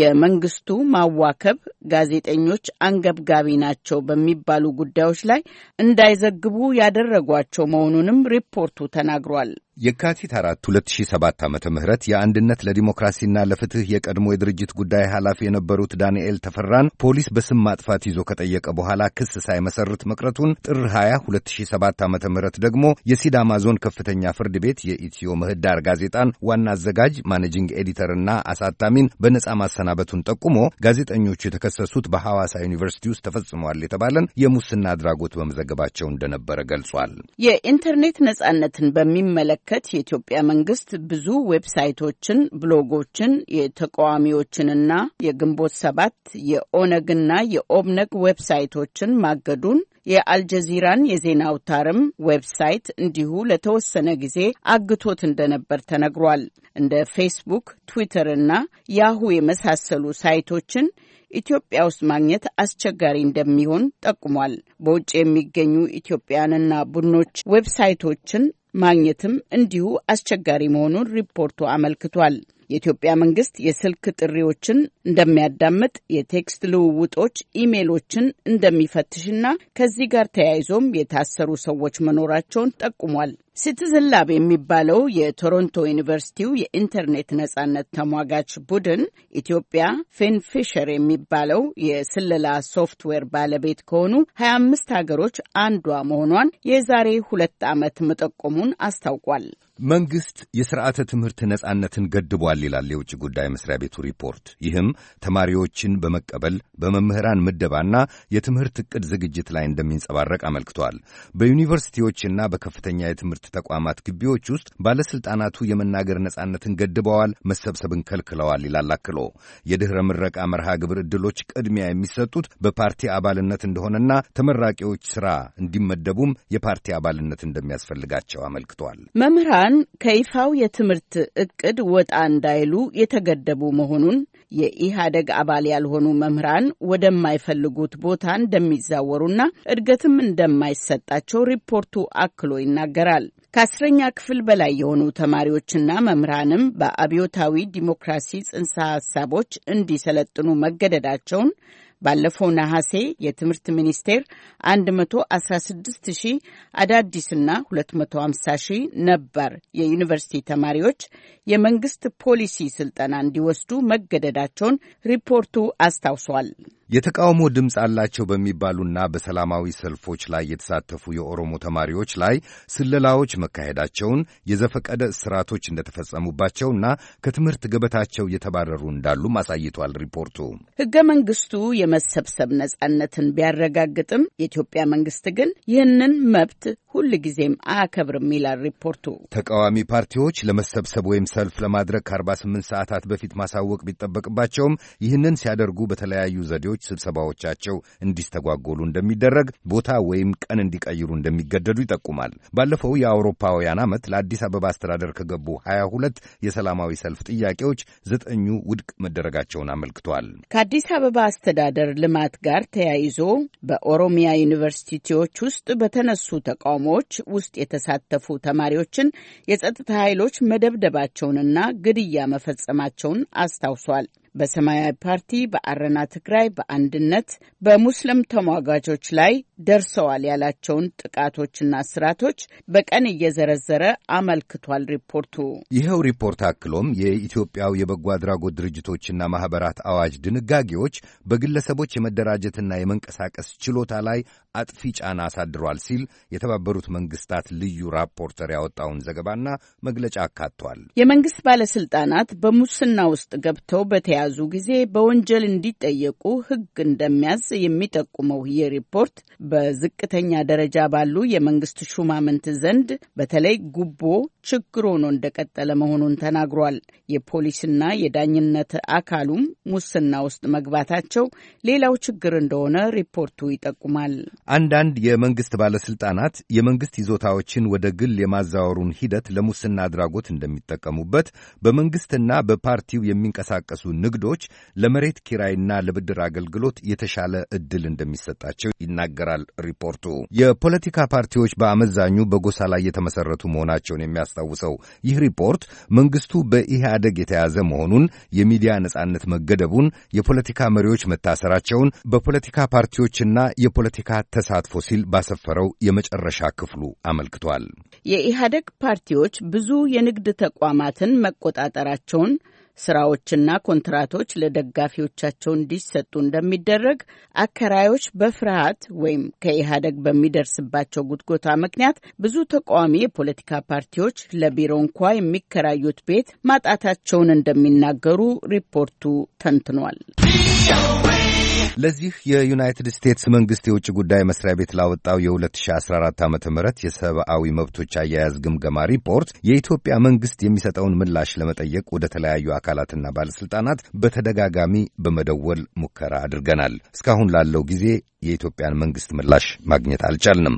Speaker 5: የመንግስቱ ማዋከብ ጋዜጠኞች አንገብጋቢ ናቸው በሚባሉ ጉዳዮች ላይ እንዳይዘግቡ ያደረጓቸው መሆኑንም ሪፖርቱ ተናግሯል።
Speaker 3: የካቲት አራት 2007 ዓ ም የአንድነት ለዲሞክራሲና ለፍትህ የቀድሞ የድርጅት ጉዳይ ኃላፊ የነበሩት ዳንኤል ተፈራን ፖሊስ በስም ማጥፋት ይዞ ከጠየቀ በኋላ ክስ ሳይመሰርት መቅረቱን፣ ጥር 20 2007 ዓ ም ደግሞ የሲዳማ ዞን ከፍተኛ ፍርድ ቤት የኢትዮ ምህዳር ጋዜጣን ዋና አዘጋጅ ማኔጂንግ ኤዲተርና አሳታሚን በነጻ ማሳ መሰናበቱን ጠቁሞ ጋዜጠኞቹ የተከሰሱት በሐዋሳ ዩኒቨርሲቲ ውስጥ ተፈጽሟል የተባለን የሙስና አድራጎት በመዘገባቸው እንደነበረ ገልጿል።
Speaker 5: የኢንተርኔት ነጻነትን በሚመለከት የኢትዮጵያ መንግስት ብዙ ዌብሳይቶችን፣ ብሎጎችን፣ የተቃዋሚዎችንና የግንቦት ሰባት የኦነግና የኦብነግ ዌብሳይቶችን ማገዱን የአልጀዚራን የዜና አውታርም ዌብሳይት እንዲሁ ለተወሰነ ጊዜ አግቶት እንደነበር ተነግሯል። እንደ ፌስቡክ፣ ትዊተር እና ያሁ የመሳሰሉ ሳይቶችን ኢትዮጵያ ውስጥ ማግኘት አስቸጋሪ እንደሚሆን ጠቁሟል። በውጭ የሚገኙ ኢትዮጵያንና ቡድኖች ዌብሳይቶችን ማግኘትም እንዲሁ አስቸጋሪ መሆኑን ሪፖርቱ አመልክቷል። የኢትዮጵያ መንግስት የስልክ ጥሪዎችን እንደሚያዳምጥ፣ የቴክስት ልውውጦች፣ ኢሜሎችን እንደሚፈትሽና ከዚህ ጋር ተያይዞም የታሰሩ ሰዎች መኖራቸውን ጠቁሟል። ሲቲዝን ላብ የሚባለው የቶሮንቶ ዩኒቨርሲቲው የኢንተርኔት ነጻነት ተሟጋች ቡድን ኢትዮጵያ ፌንፊሸር የሚባለው የስለላ ሶፍትዌር ባለቤት ከሆኑ 25 ሀገሮች አንዷ መሆኗን የዛሬ ሁለት ዓመት መጠቆሙን አስታውቋል።
Speaker 3: መንግሥት የሥርዓተ ትምህርት ነጻነትን ገድቧል ይላል የውጭ ጉዳይ መስሪያ ቤቱ ሪፖርት። ይህም ተማሪዎችን በመቀበል በመምህራን ምደባና የትምህርት ዕቅድ ዝግጅት ላይ እንደሚንጸባረቅ አመልክቷል። በዩኒቨርሲቲዎችና በከፍተኛ የትምህርት ተቋማት ግቢዎች ውስጥ ባለሥልጣናቱ የመናገር ነጻነትን ገድበዋል፣ መሰብሰብን ከልክለዋል ይላል አክሎ። የድኅረ ምረቃ መርሃ ግብር ዕድሎች ቅድሚያ የሚሰጡት በፓርቲ አባልነት እንደሆነና ተመራቂዎች ሥራ እንዲመደቡም የፓርቲ አባልነት እንደሚያስፈልጋቸው አመልክቷል።
Speaker 5: መምህራን ምሁራን ከይፋው የትምህርት እቅድ ወጣ እንዳይሉ የተገደቡ መሆኑን የኢህአደግ አባል ያልሆኑ መምህራን ወደማይፈልጉት ቦታ እንደሚዛወሩና እድገትም እንደማይሰጣቸው ሪፖርቱ አክሎ ይናገራል። ከአስረኛ ክፍል በላይ የሆኑ ተማሪዎችና መምህራንም በአብዮታዊ ዲሞክራሲ ጽንሰ ሀሳቦች እንዲሰለጥኑ መገደዳቸውን ባለፈው ነሐሴ የትምህርት ሚኒስቴር 116 ሺህ አዳዲስና 250 ሺህ ነባር የዩኒቨርሲቲ ተማሪዎች የመንግስት ፖሊሲ ስልጠና እንዲወስዱ መገደዳቸውን ሪፖርቱ አስታውሷል።
Speaker 3: የተቃውሞ ድምፅ አላቸው በሚባሉና በሰላማዊ ሰልፎች ላይ የተሳተፉ የኦሮሞ ተማሪዎች ላይ ስለላዎች መካሄዳቸውን፣ የዘፈቀደ እስራቶች እንደተፈጸሙባቸውና ከትምህርት ገበታቸው የተባረሩ እንዳሉም አሳይቷል ሪፖርቱ።
Speaker 5: ሕገ መንግስቱ የመሰብሰብ ነጻነትን ቢያረጋግጥም የኢትዮጵያ መንግስት ግን ይህንን መብት ሁል ጊዜም አያከብርም ይላል ሪፖርቱ።
Speaker 3: ተቃዋሚ ፓርቲዎች ለመሰብሰብ ወይም ሰልፍ ለማድረግ ከ48 ሰዓታት በፊት ማሳወቅ ቢጠበቅባቸውም ይህንን ሲያደርጉ በተለያዩ ዘዴዎች ሌሎች ስብሰባዎቻቸው እንዲስተጓጎሉ እንደሚደረግ፣ ቦታ ወይም ቀን እንዲቀይሩ እንደሚገደዱ ይጠቁማል። ባለፈው የአውሮፓውያን ዓመት ለአዲስ አበባ አስተዳደር ከገቡ ሀያ ሁለት የሰላማዊ ሰልፍ ጥያቄዎች ዘጠኙ ውድቅ መደረጋቸውን አመልክቷል።
Speaker 5: ከአዲስ አበባ አስተዳደር ልማት ጋር ተያይዞ በኦሮሚያ ዩኒቨርሲቲዎች ውስጥ በተነሱ ተቃውሞዎች ውስጥ የተሳተፉ ተማሪዎችን የጸጥታ ኃይሎች መደብደባቸውንና ግድያ መፈጸማቸውን አስታውሷል። በሰማያዊ ፓርቲ፣ በአረና ትግራይ፣ በአንድነት በሙስሊም ተሟጋቾች ላይ ደርሰዋል ያላቸውን ጥቃቶችና ስራቶች በቀን እየዘረዘረ አመልክቷል ሪፖርቱ።
Speaker 3: ይኸው ሪፖርት አክሎም የኢትዮጵያው የበጎ አድራጎት ድርጅቶችና ማኅበራት አዋጅ ድንጋጌዎች በግለሰቦች የመደራጀትና የመንቀሳቀስ ችሎታ ላይ አጥፊ ጫና አሳድሯል ሲል የተባበሩት መንግስታት ልዩ ራፖርተር ያወጣውን ዘገባና መግለጫ አካቷል።
Speaker 5: የመንግስት ባለስልጣናት በሙስና ውስጥ ገብተው በተያ በተያዙ ጊዜ በወንጀል እንዲጠየቁ ሕግ እንደሚያዝ የሚጠቁመው ይህ ሪፖርት በዝቅተኛ ደረጃ ባሉ የመንግስት ሹማምንት ዘንድ በተለይ ጉቦ ችግር ሆኖ እንደቀጠለ መሆኑን ተናግሯል። የፖሊስና የዳኝነት አካሉም ሙስና ውስጥ መግባታቸው ሌላው ችግር እንደሆነ ሪፖርቱ ይጠቁማል።
Speaker 3: አንዳንድ የመንግስት ባለስልጣናት የመንግስት ይዞታዎችን ወደ ግል የማዛወሩን ሂደት ለሙስና አድራጎት እንደሚጠቀሙበት በመንግስትና በፓርቲው የሚንቀሳቀሱ ንግዶች ለመሬት ኪራይና ለብድር አገልግሎት የተሻለ ዕድል እንደሚሰጣቸው ይናገራል ሪፖርቱ። የፖለቲካ ፓርቲዎች በአመዛኙ በጎሳ ላይ የተመሰረቱ መሆናቸውን የሚያስታውሰው ይህ ሪፖርት መንግስቱ በኢህአደግ የተያዘ መሆኑን፣ የሚዲያ ነጻነት መገደቡን፣ የፖለቲካ መሪዎች መታሰራቸውን በፖለቲካ ፓርቲዎችና የፖለቲካ ተሳትፎ ሲል ባሰፈረው የመጨረሻ ክፍሉ አመልክቷል።
Speaker 5: የኢህአደግ ፓርቲዎች ብዙ የንግድ ተቋማትን መቆጣጠራቸውን ስራዎችና ኮንትራቶች ለደጋፊዎቻቸው እንዲሰጡ እንደሚደረግ አከራዮች በፍርሃት ወይም ከኢህአደግ በሚደርስባቸው ጉትጎታ ምክንያት ብዙ ተቃዋሚ የፖለቲካ ፓርቲዎች ለቢሮ እንኳ የሚከራዩት ቤት ማጣታቸውን እንደሚናገሩ ሪፖርቱ ተንትኗል።
Speaker 3: ለዚህ የዩናይትድ ስቴትስ መንግስት የውጭ ጉዳይ መስሪያ ቤት ላወጣው የ2014 ዓ ም የሰብአዊ መብቶች አያያዝ ግምገማ ሪፖርት የኢትዮጵያ መንግስት የሚሰጠውን ምላሽ ለመጠየቅ ወደ ተለያዩ አካላትና ባለሥልጣናት በተደጋጋሚ በመደወል ሙከራ አድርገናል። እስካሁን ላለው ጊዜ የኢትዮጵያን መንግስት ምላሽ ማግኘት አልቻልንም።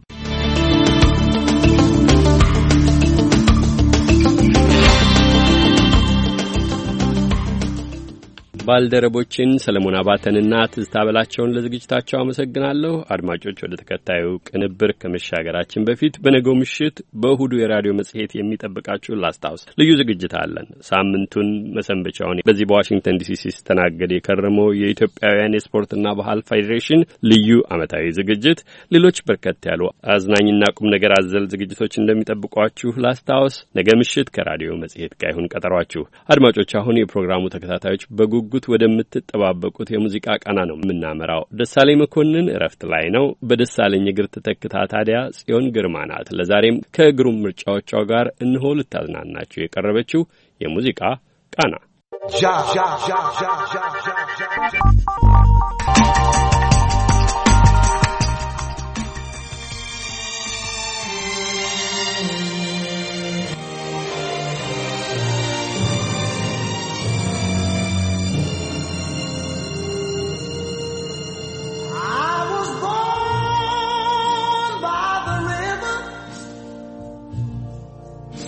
Speaker 1: ባልደረቦችን ሰለሞን አባተንና ትዝታ በላቸውን ለዝግጅታቸው አመሰግናለሁ። አድማጮች ወደ ተከታዩ ቅንብር ከመሻገራችን በፊት በነገው ምሽት በእሁዱ የራዲዮ መጽሔት የሚጠብቃችሁ ላስታውስ። ልዩ ዝግጅት አለን። ሳምንቱን መሰንበቻውን በዚህ በዋሽንግተን ዲሲ ሲስተናገድ የከረመው የኢትዮጵያውያን የስፖርትና ባህል ፌዴሬሽን ልዩ ዓመታዊ ዝግጅት፣ ሌሎች በርከት ያሉ አዝናኝና ቁም ነገር አዘል ዝግጅቶች እንደሚጠብቋችሁ ላስታውስ። ነገ ምሽት ከራዲዮ መጽሔት ጋር ይሁን ቀጠሯችሁ። አድማጮች አሁን የፕሮግራሙ ተከታታዮች በጉጉ በጉጉት ወደምትጠባበቁት የሙዚቃ ቃና ነው የምናመራው። ደሳለኝ መኮንን እረፍት ላይ ነው። በደሳለኝ እግር ተተክታ ታዲያ ጽዮን ግርማ ናት። ለዛሬም ከእግሩም ምርጫዎቿ ጋር እንሆ ልታዝናናችሁ የቀረበችው የሙዚቃ ቃና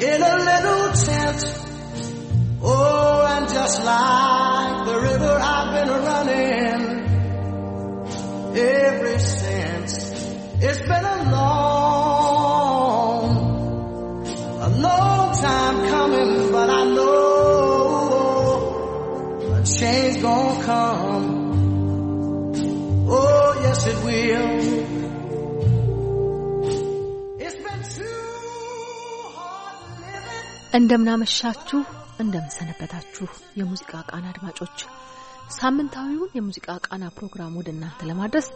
Speaker 2: in a little tent. Oh, and just like the river I've been running ever since. It's been a long, a long time coming, but I know a change gonna come. Oh, yes it will.
Speaker 6: እንደምናመሻችሁ እንደምንሰነበታችሁ የሙዚቃ ቃና አድማጮች፣ ሳምንታዊውን የሙዚቃ ቃና ፕሮግራም ወደ እናንተ ለማድረስ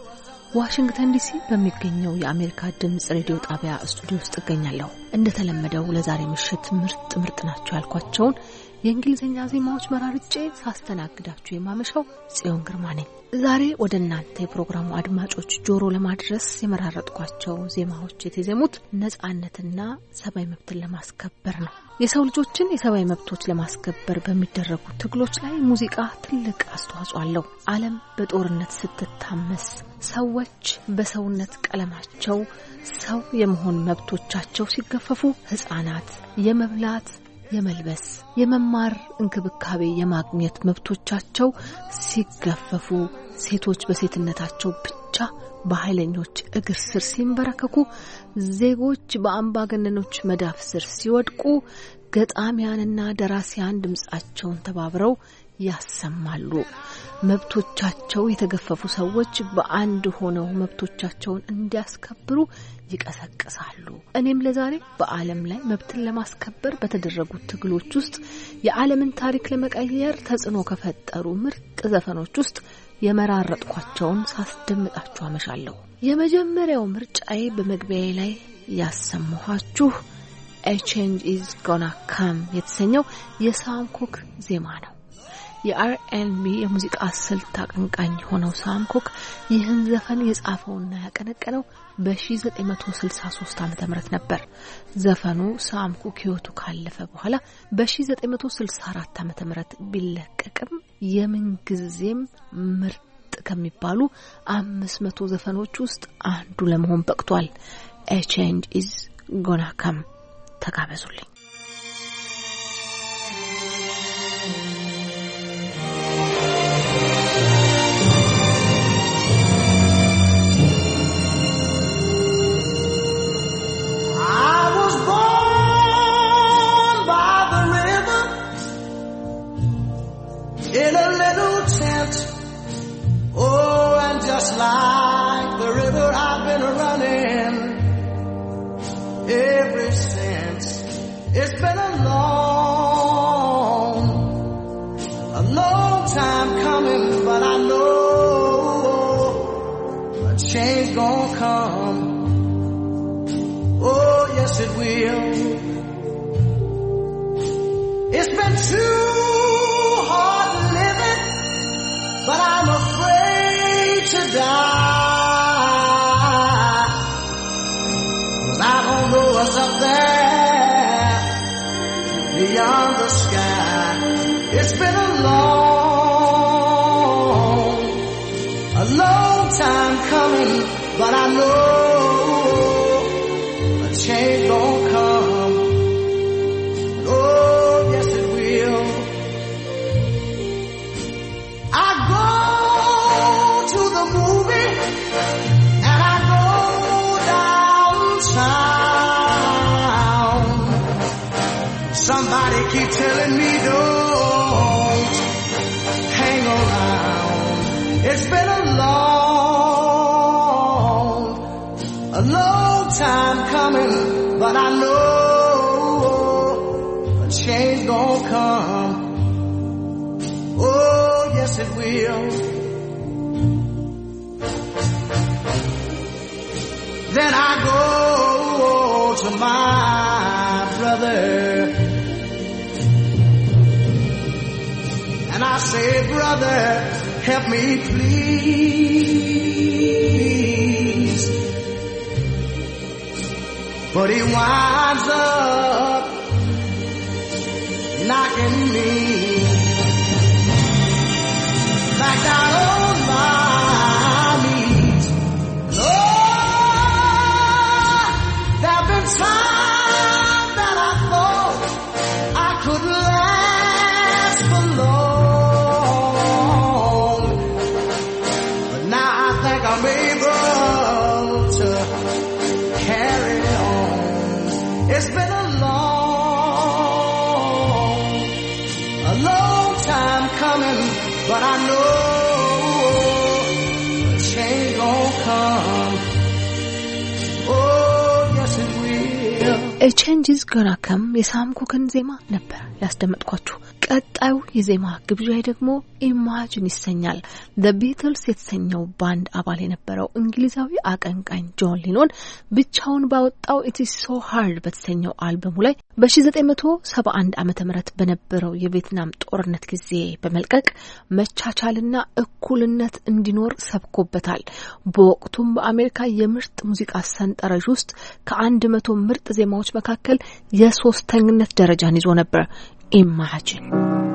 Speaker 6: ዋሽንግተን ዲሲ በሚገኘው የአሜሪካ ድምፅ ሬዲዮ ጣቢያ ስቱዲዮ ውስጥ እገኛለሁ። እንደተለመደው ለዛሬ ምሽት ምርጥ ምርጥ ናቸው ያልኳቸውን የእንግሊዝኛ ዜማዎች መራርጬ ሳስተናግዳችሁ የማመሻው ጽዮን ግርማ ነኝ። ዛሬ ወደ እናንተ የፕሮግራሙ አድማጮች ጆሮ ለማድረስ የመራረጥኳቸው ዜማዎች የተዜሙት ነጻነትና ሰብአዊ መብትን ለማስከበር ነው። የሰው ልጆችን የሰብአዊ መብቶች ለማስከበር በሚደረጉ ትግሎች ላይ ሙዚቃ ትልቅ አስተዋጽኦ አለው። ዓለም በጦርነት ስትታመስ ሰዎች በሰውነት ቀለማቸው ሰው የመሆን መብቶቻቸው ሲገፈፉ፣ ሕጻናት የመብላት የመልበስ፣ የመማር፣ እንክብካቤ የማግኘት መብቶቻቸው ሲገፈፉ፣ ሴቶች በሴትነታቸው ብቻ በኃይለኞች እግር ስር ሲንበረከኩ፣ ዜጎች በአምባገነኖች መዳፍ ስር ሲወድቁ፣ ገጣሚያንና ደራሲያን ድምፃቸውን ተባብረው ያሰማሉ። መብቶቻቸው የተገፈፉ ሰዎች በአንድ ሆነው መብቶቻቸውን እንዲያስከብሩ ይቀሰቅሳሉ። እኔም ለዛሬ በዓለም ላይ መብትን ለማስከበር በተደረጉት ትግሎች ውስጥ የዓለምን ታሪክ ለመቀየር ተጽዕኖ ከፈጠሩ ምርጥ ዘፈኖች ውስጥ የመራረጥኳቸውን ሳስደምጣችሁ አመሻለሁ። የመጀመሪያው ምርጫዬ በመግቢያዬ ላይ ያሰማኋችሁ ኤ ቼንጅ ኢዝ ጎና ካም የተሰኘው የሳምኮክ ዜማ ነው። የአርኤንቢ የሙዚቃ ስልት አቀንቃኝ የሆነው ሳም ኮክ ይህን ዘፈን የጻፈውና ያቀነቀነው በ1963 ዓ ም ነበር። ዘፈኑ ሳም ኮክ ሕይወቱ ካለፈ በኋላ በ1964 ዓ ም ቢለቀቅም የምንጊዜም ምርጥ ከሚባሉ አምስት መቶ ዘፈኖች ውስጥ አንዱ ለመሆን በቅቷል። ኤ ቼንጅ ኢዝ ጎና ካም ተጋበዙልኝ።
Speaker 2: It's been too hard living, but I telling me don't hang around. It's been a long, a long time coming, but I know a change gonna come. Oh, yes it will. Then I go to my brother I say, brother, help me please. But he winds up knocking me back down.
Speaker 6: ፈረንጅ ገራከም ከም የሳምኮክን ዜማ ነበር ያስደመጥኳችሁ። ቀጣዩ የዜማ ግብዣ ደግሞ ኢማጅን ይሰኛል። ዘ ቢትልስ የተሰኘው ባንድ አባል የነበረው እንግሊዛዊ አቀንቃኝ ጆን ሊኖን ብቻውን ባወጣው ኢት ሶ ሃርድ በተሰኘው አልበሙ ላይ በ1971 ዓ ም በነበረው የቬትናም ጦርነት ጊዜ በመልቀቅ መቻቻልና እኩልነት እንዲኖር ሰብኮበታል። በወቅቱም በአሜሪካ የምርጥ ሙዚቃ ሰንጠረዥ ውስጥ ከአንድ መቶ ምርጥ ዜማዎች መካከል የሶስተኝነት ደረጃን ይዞ ነበር። imagine.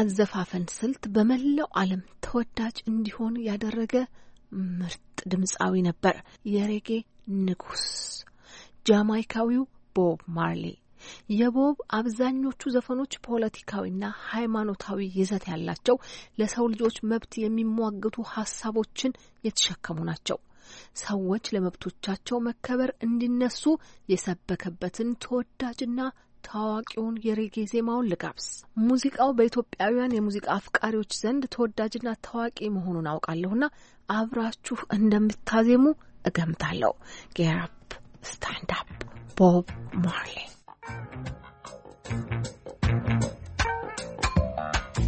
Speaker 6: አዘፋፈን ስልት በመላው ዓለም ተወዳጅ እንዲሆን ያደረገ ምርጥ ድምፃዊ ነበር። የሬጌ ንጉስ ጃማይካዊው ቦብ ማርሌ የቦብ አብዛኞቹ ዘፈኖች ፖለቲካዊና ሃይማኖታዊ ይዘት ያላቸው፣ ለሰው ልጆች መብት የሚሟገቱ ሀሳቦችን የተሸከሙ ናቸው። ሰዎች ለመብቶቻቸው መከበር እንዲነሱ የሰበከበትን ተወዳጅና ታዋቂውን የሬጌ ዜማውን ልጋብስ። ሙዚቃው በኢትዮጵያውያን የሙዚቃ አፍቃሪዎች ዘንድ ተወዳጅና ታዋቂ መሆኑን አውቃለሁና አብራችሁ እንደምታዜሙ እገምታለሁ። ጌራፕ አፕ ስታንድ
Speaker 2: አፕ ቦብ ማርሌ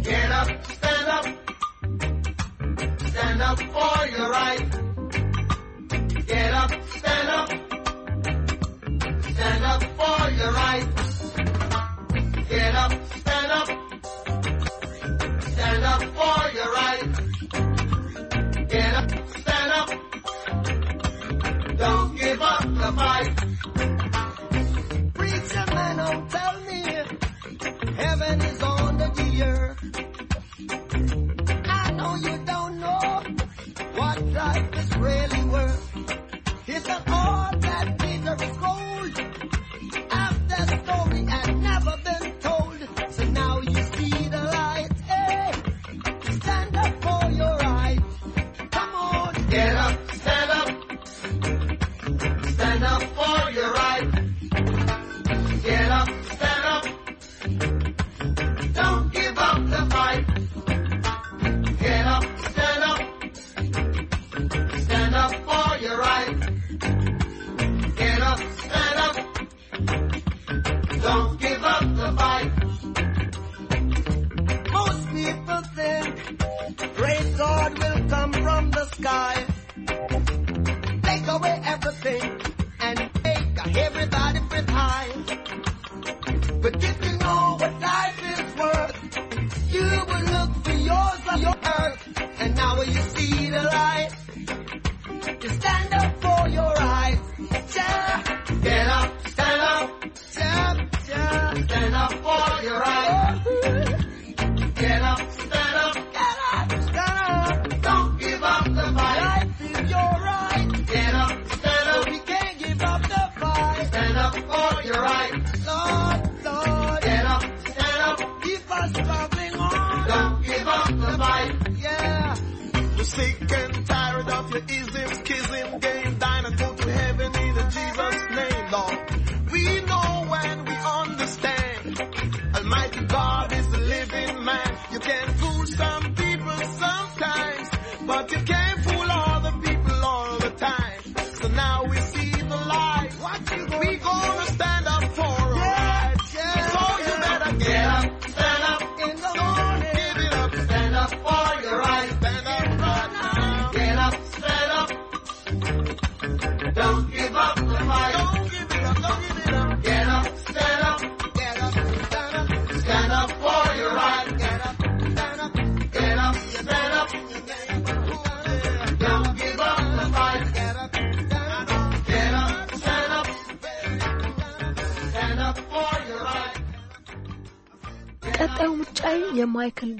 Speaker 2: Get up, stand up, stand up for your right. Get up, stand up, stand up for your right. the fight. Preacher man, don't tell me heaven is on the earth. I know you don't know what life is really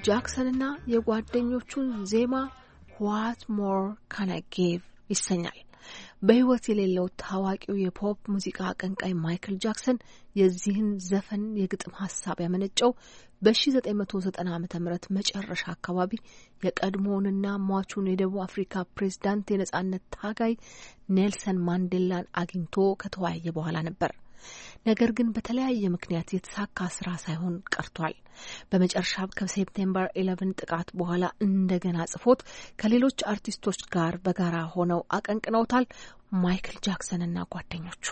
Speaker 6: ጃክሰንና የጓደኞቹን ዜማ ዋት ሞር ካነጌቭ ይሰኛል። በሕይወት የሌለው ታዋቂው የፖፕ ሙዚቃ አቀንቃይ ማይክል ጃክሰን የዚህን ዘፈን የግጥም ሀሳብ ያመነጨው በ1990 ዓ ም መጨረሻ አካባቢ የቀድሞውንና ሟቹን የደቡብ አፍሪካ ፕሬዝዳንት የነጻነት ታጋይ ኔልሰን ማንዴላን አግኝቶ ከተወያየ በኋላ ነበር። ነገር ግን በተለያየ ምክንያት የተሳካ ስራ ሳይሆን ቀርቷል። በመጨረሻ ከሴፕቴምበር ኢለቨን ጥቃት በኋላ እንደገና ጽፎት ከሌሎች አርቲስቶች ጋር በጋራ ሆነው አቀንቅነውታል። ማይክል ጃክሰን እና ጓደኞቹ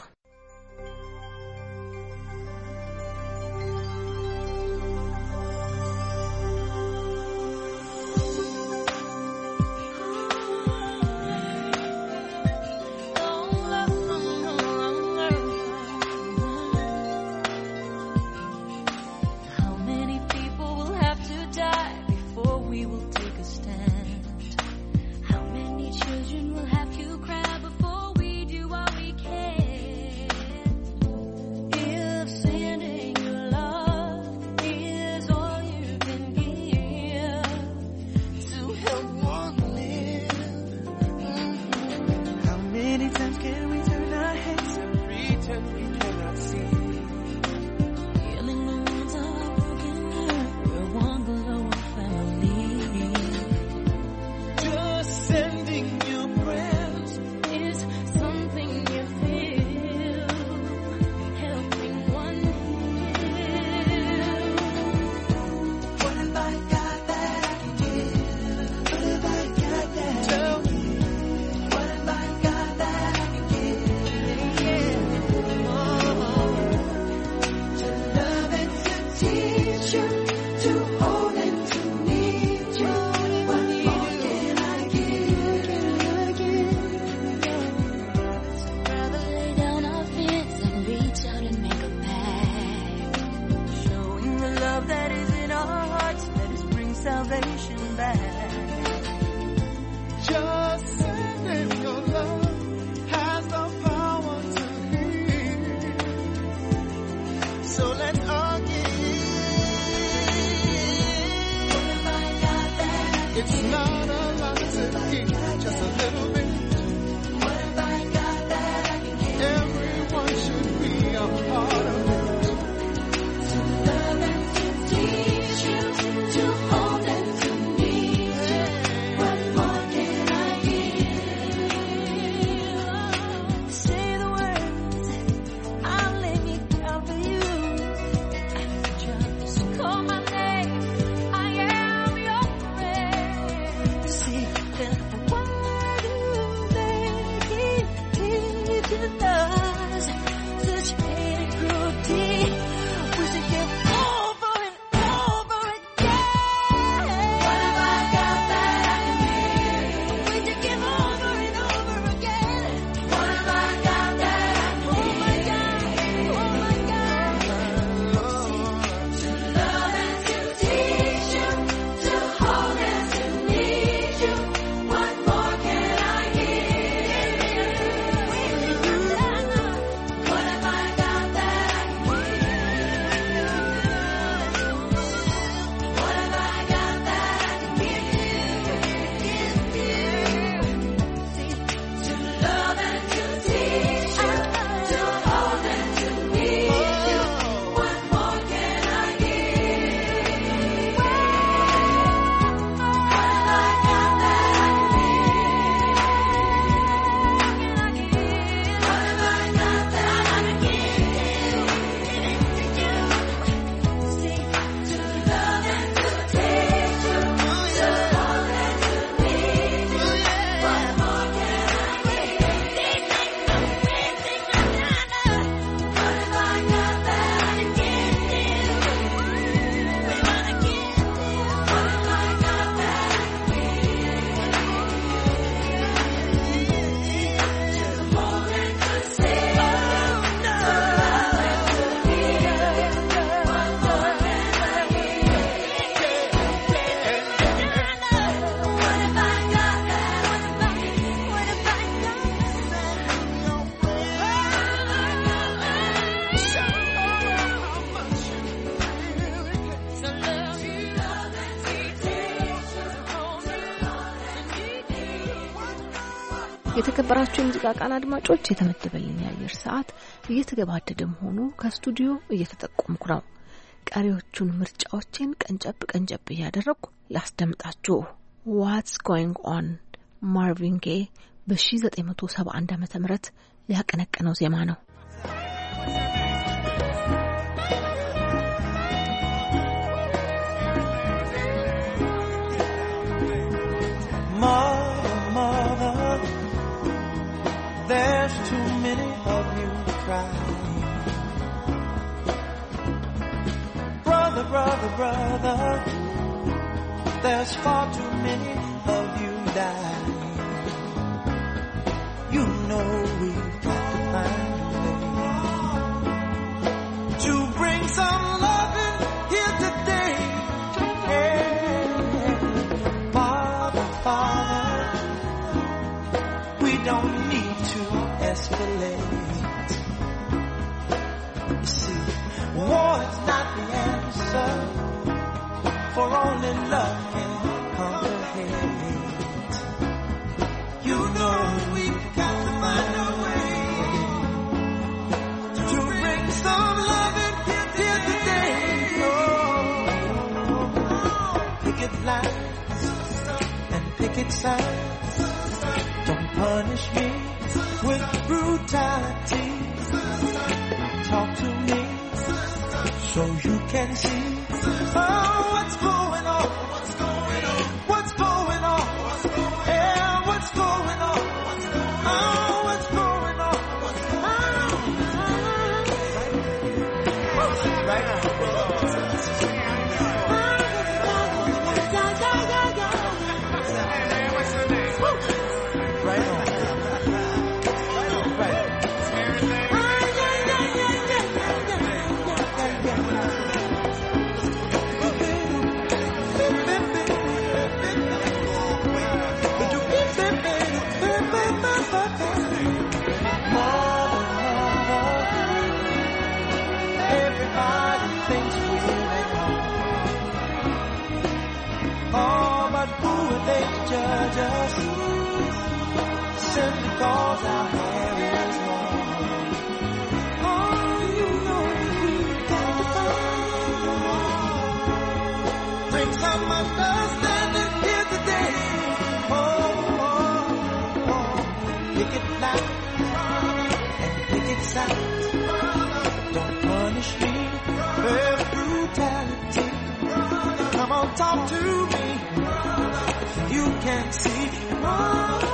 Speaker 6: የሙዚቃ አድማጮች፣ የተመደበልኝ የአየር ሰዓት እየተገባደደ መሆኑ ከስቱዲዮ እየተጠቆምኩ ነው። ቀሪዎቹን ምርጫዎቼን ቀንጨብ ቀንጨብ እያደረግኩ ላስደምጣችሁ። ዋትስ ጎይንግ ኦን ማርቪን ጌ በ1971 ዓ ም ያቀነቀነው ዜማ ነው።
Speaker 2: Mom. There's too many of you to cry. Brother, brother, brother, there's far too many of you die. You know we've got can't see. Whoa.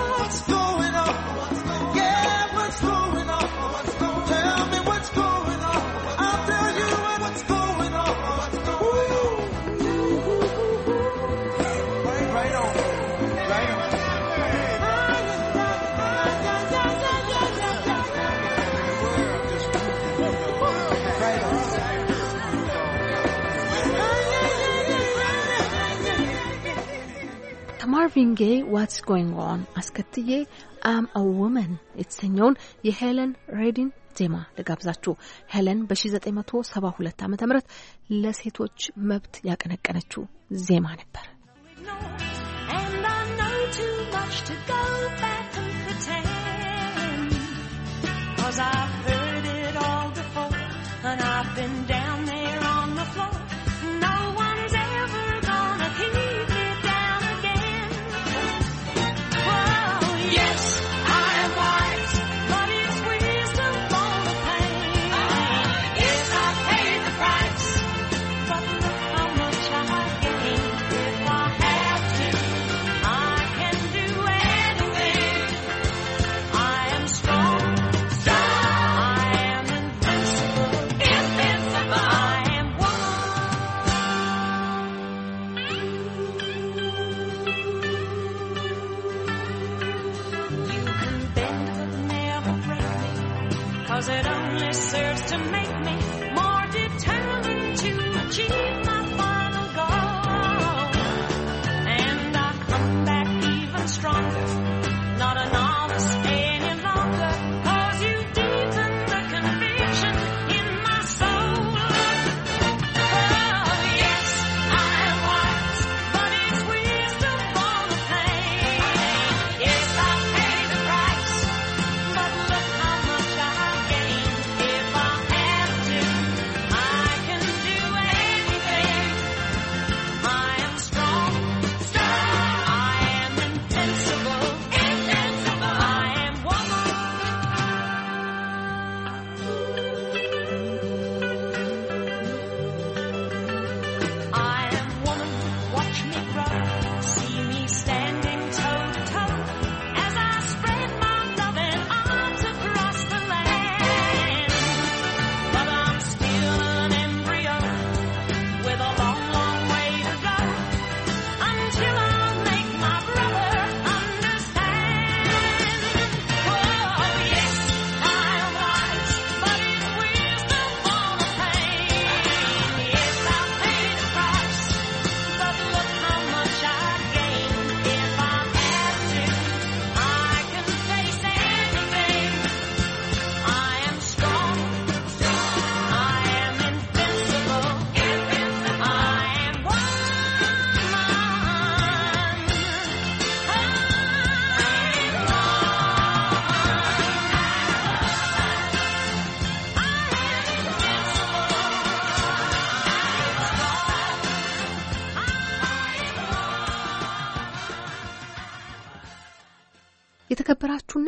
Speaker 6: ፊንጌ ዋትስ ጎይንግ ኦን አስከትዬ አም አ የተሰኘውን የሄለን ሬዲን ዜማ ልጋብዛችሁ። ሄለን በ1972 ዓ ም ለሴቶች መብት ያቀነቀነችው ዜማ ነበር።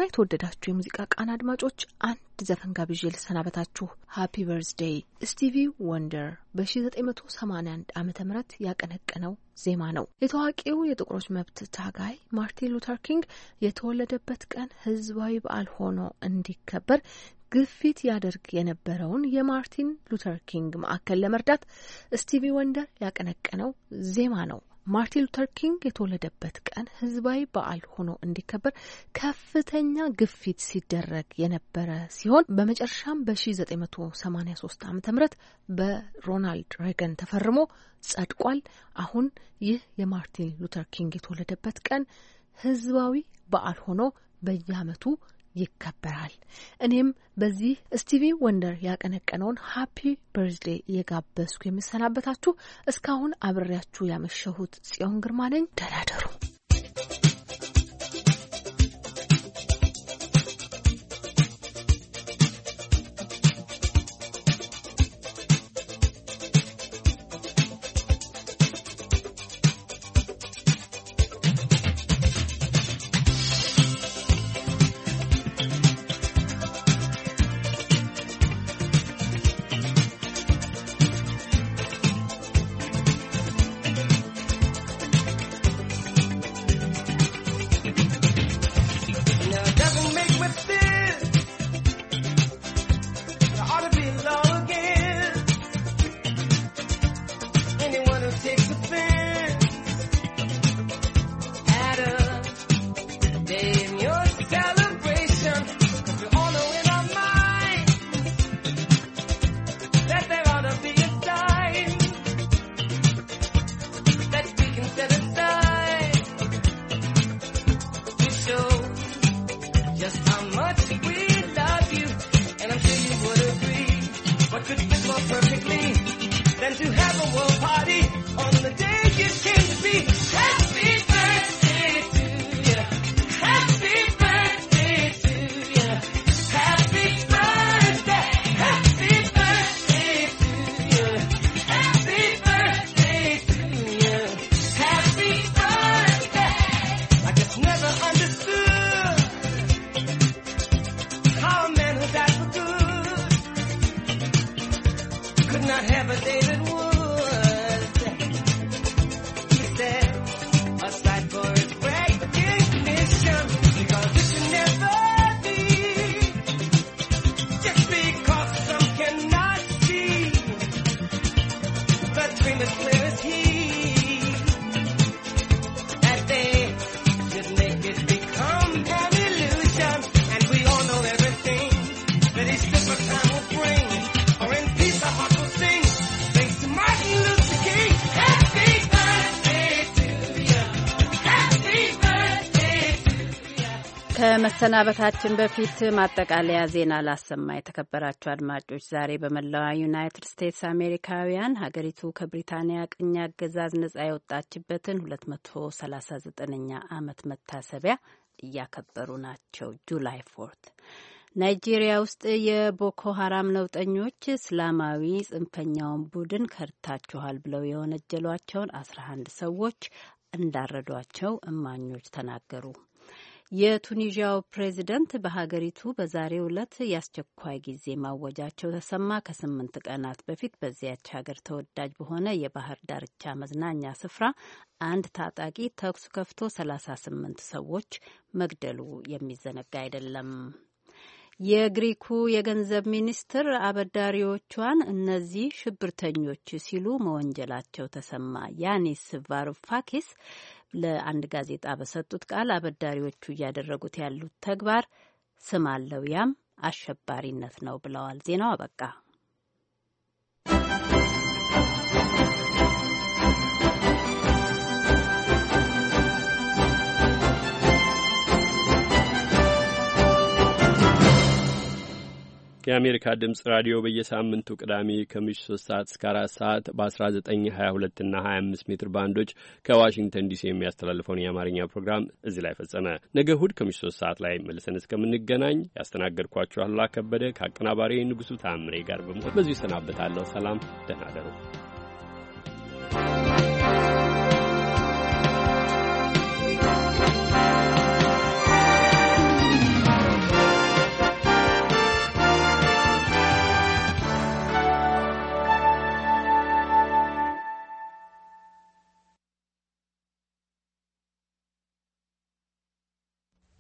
Speaker 6: የተወደዳችሁና የተወደዳችሁ የሙዚቃ ቃና አድማጮች አንድ ዘፈን ጋብዤ ልሰናበታችሁ። ሃፒ በርዝዴይ ስቲቪ ወንደር በ1981 ዓ ም ያቀነቀነው ዜማ ነው። የታዋቂው የጥቁሮች መብት ታጋይ ማርቲን ሉተር ኪንግ የተወለደበት ቀን ህዝባዊ በዓል ሆኖ እንዲከበር ግፊት ያደርግ የነበረውን የማርቲን ሉተር ኪንግ ማዕከል ለመርዳት ስቲቪ ወንደር ያቀነቀነው ዜማ ነው። ማርቲን ሉተር ኪንግ የተወለደበት ቀን ህዝባዊ በዓል ሆኖ እንዲከበር ከፍተኛ ግፊት ሲደረግ የነበረ ሲሆን በመጨረሻም በ1983 ዓ ም በሮናልድ ሬገን ተፈርሞ ጸድቋል። አሁን ይህ የማርቲን ሉተር ኪንግ የተወለደበት ቀን ህዝባዊ በዓል ሆኖ በየዓመቱ ይከበራል። እኔም በዚህ ስቲቪ ወንደር ያቀነቀነውን ሀፒ በርዝዴ እየጋበዝኩ የምሰናበታችሁ እስካሁን አብሬያችሁ ያመሸሁት ጽዮን ግርማ ነኝ። ደህና ደሩ።
Speaker 2: could be so perfect.
Speaker 4: ከመሰናበታችን በፊት ማጠቃለያ ዜና ላሰማ። የተከበራቸው አድማጮች፣ ዛሬ በመላዋ ዩናይትድ ስቴትስ አሜሪካውያን ሀገሪቱ ከብሪታንያ ቅኝ አገዛዝ ነጻ የወጣችበትን 239ኛ ዓመት መታሰቢያ እያከበሩ ናቸው። ጁላይ ፎርት ናይጄሪያ ውስጥ የቦኮ ሀራም ነውጠኞች እስላማዊ ጽንፈኛውን ቡድን ከድታችኋል ብለው የወነጀሏቸውን አስራ አንድ ሰዎች እንዳረዷቸው እማኞች ተናገሩ። የቱኒዥያው ፕሬዚደንት በሀገሪቱ በዛሬው ዕለት የአስቸኳይ ጊዜ ማወጃቸው ተሰማ። ከስምንት ቀናት በፊት በዚያች ሀገር ተወዳጅ በሆነ የባህር ዳርቻ መዝናኛ ስፍራ አንድ ታጣቂ ተኩስ ከፍቶ ስምንት ሰዎች መግደሉ የሚዘነጋ አይደለም። የግሪኩ የገንዘብ ሚኒስትር አበዳሪዎቿን እነዚህ ሽብርተኞች ሲሉ መወንጀላቸው ተሰማ። ያኒስ ቫሩፋኪስ ለአንድ ጋዜጣ በሰጡት ቃል አበዳሪዎቹ እያደረጉት ያሉት ተግባር ስም አለው፣ ያም አሸባሪነት ነው ብለዋል። ዜናው አበቃ።
Speaker 1: የአሜሪካ ድምጽ ራዲዮ በየሳምንቱ ቅዳሜ ከምሽ 3 ሰዓት እስከ 4 ሰዓት በ1922 እና 25 ሜትር ባንዶች ከዋሽንግተን ዲሲ የሚያስተላልፈውን የአማርኛ ፕሮግራም እዚህ ላይ ፈጸመ። ነገ እሁድ ከምሽ 3 ሰዓት ላይ መልሰን እስከምንገናኝ ያስተናገድኳችሁ አሉላ ከበደ ከአቀናባሪ ንጉሡ ታምሬ ጋር በመሆን በዚሁ ይሰናበታለሁ። ሰላም፣ ደህና ደሩ።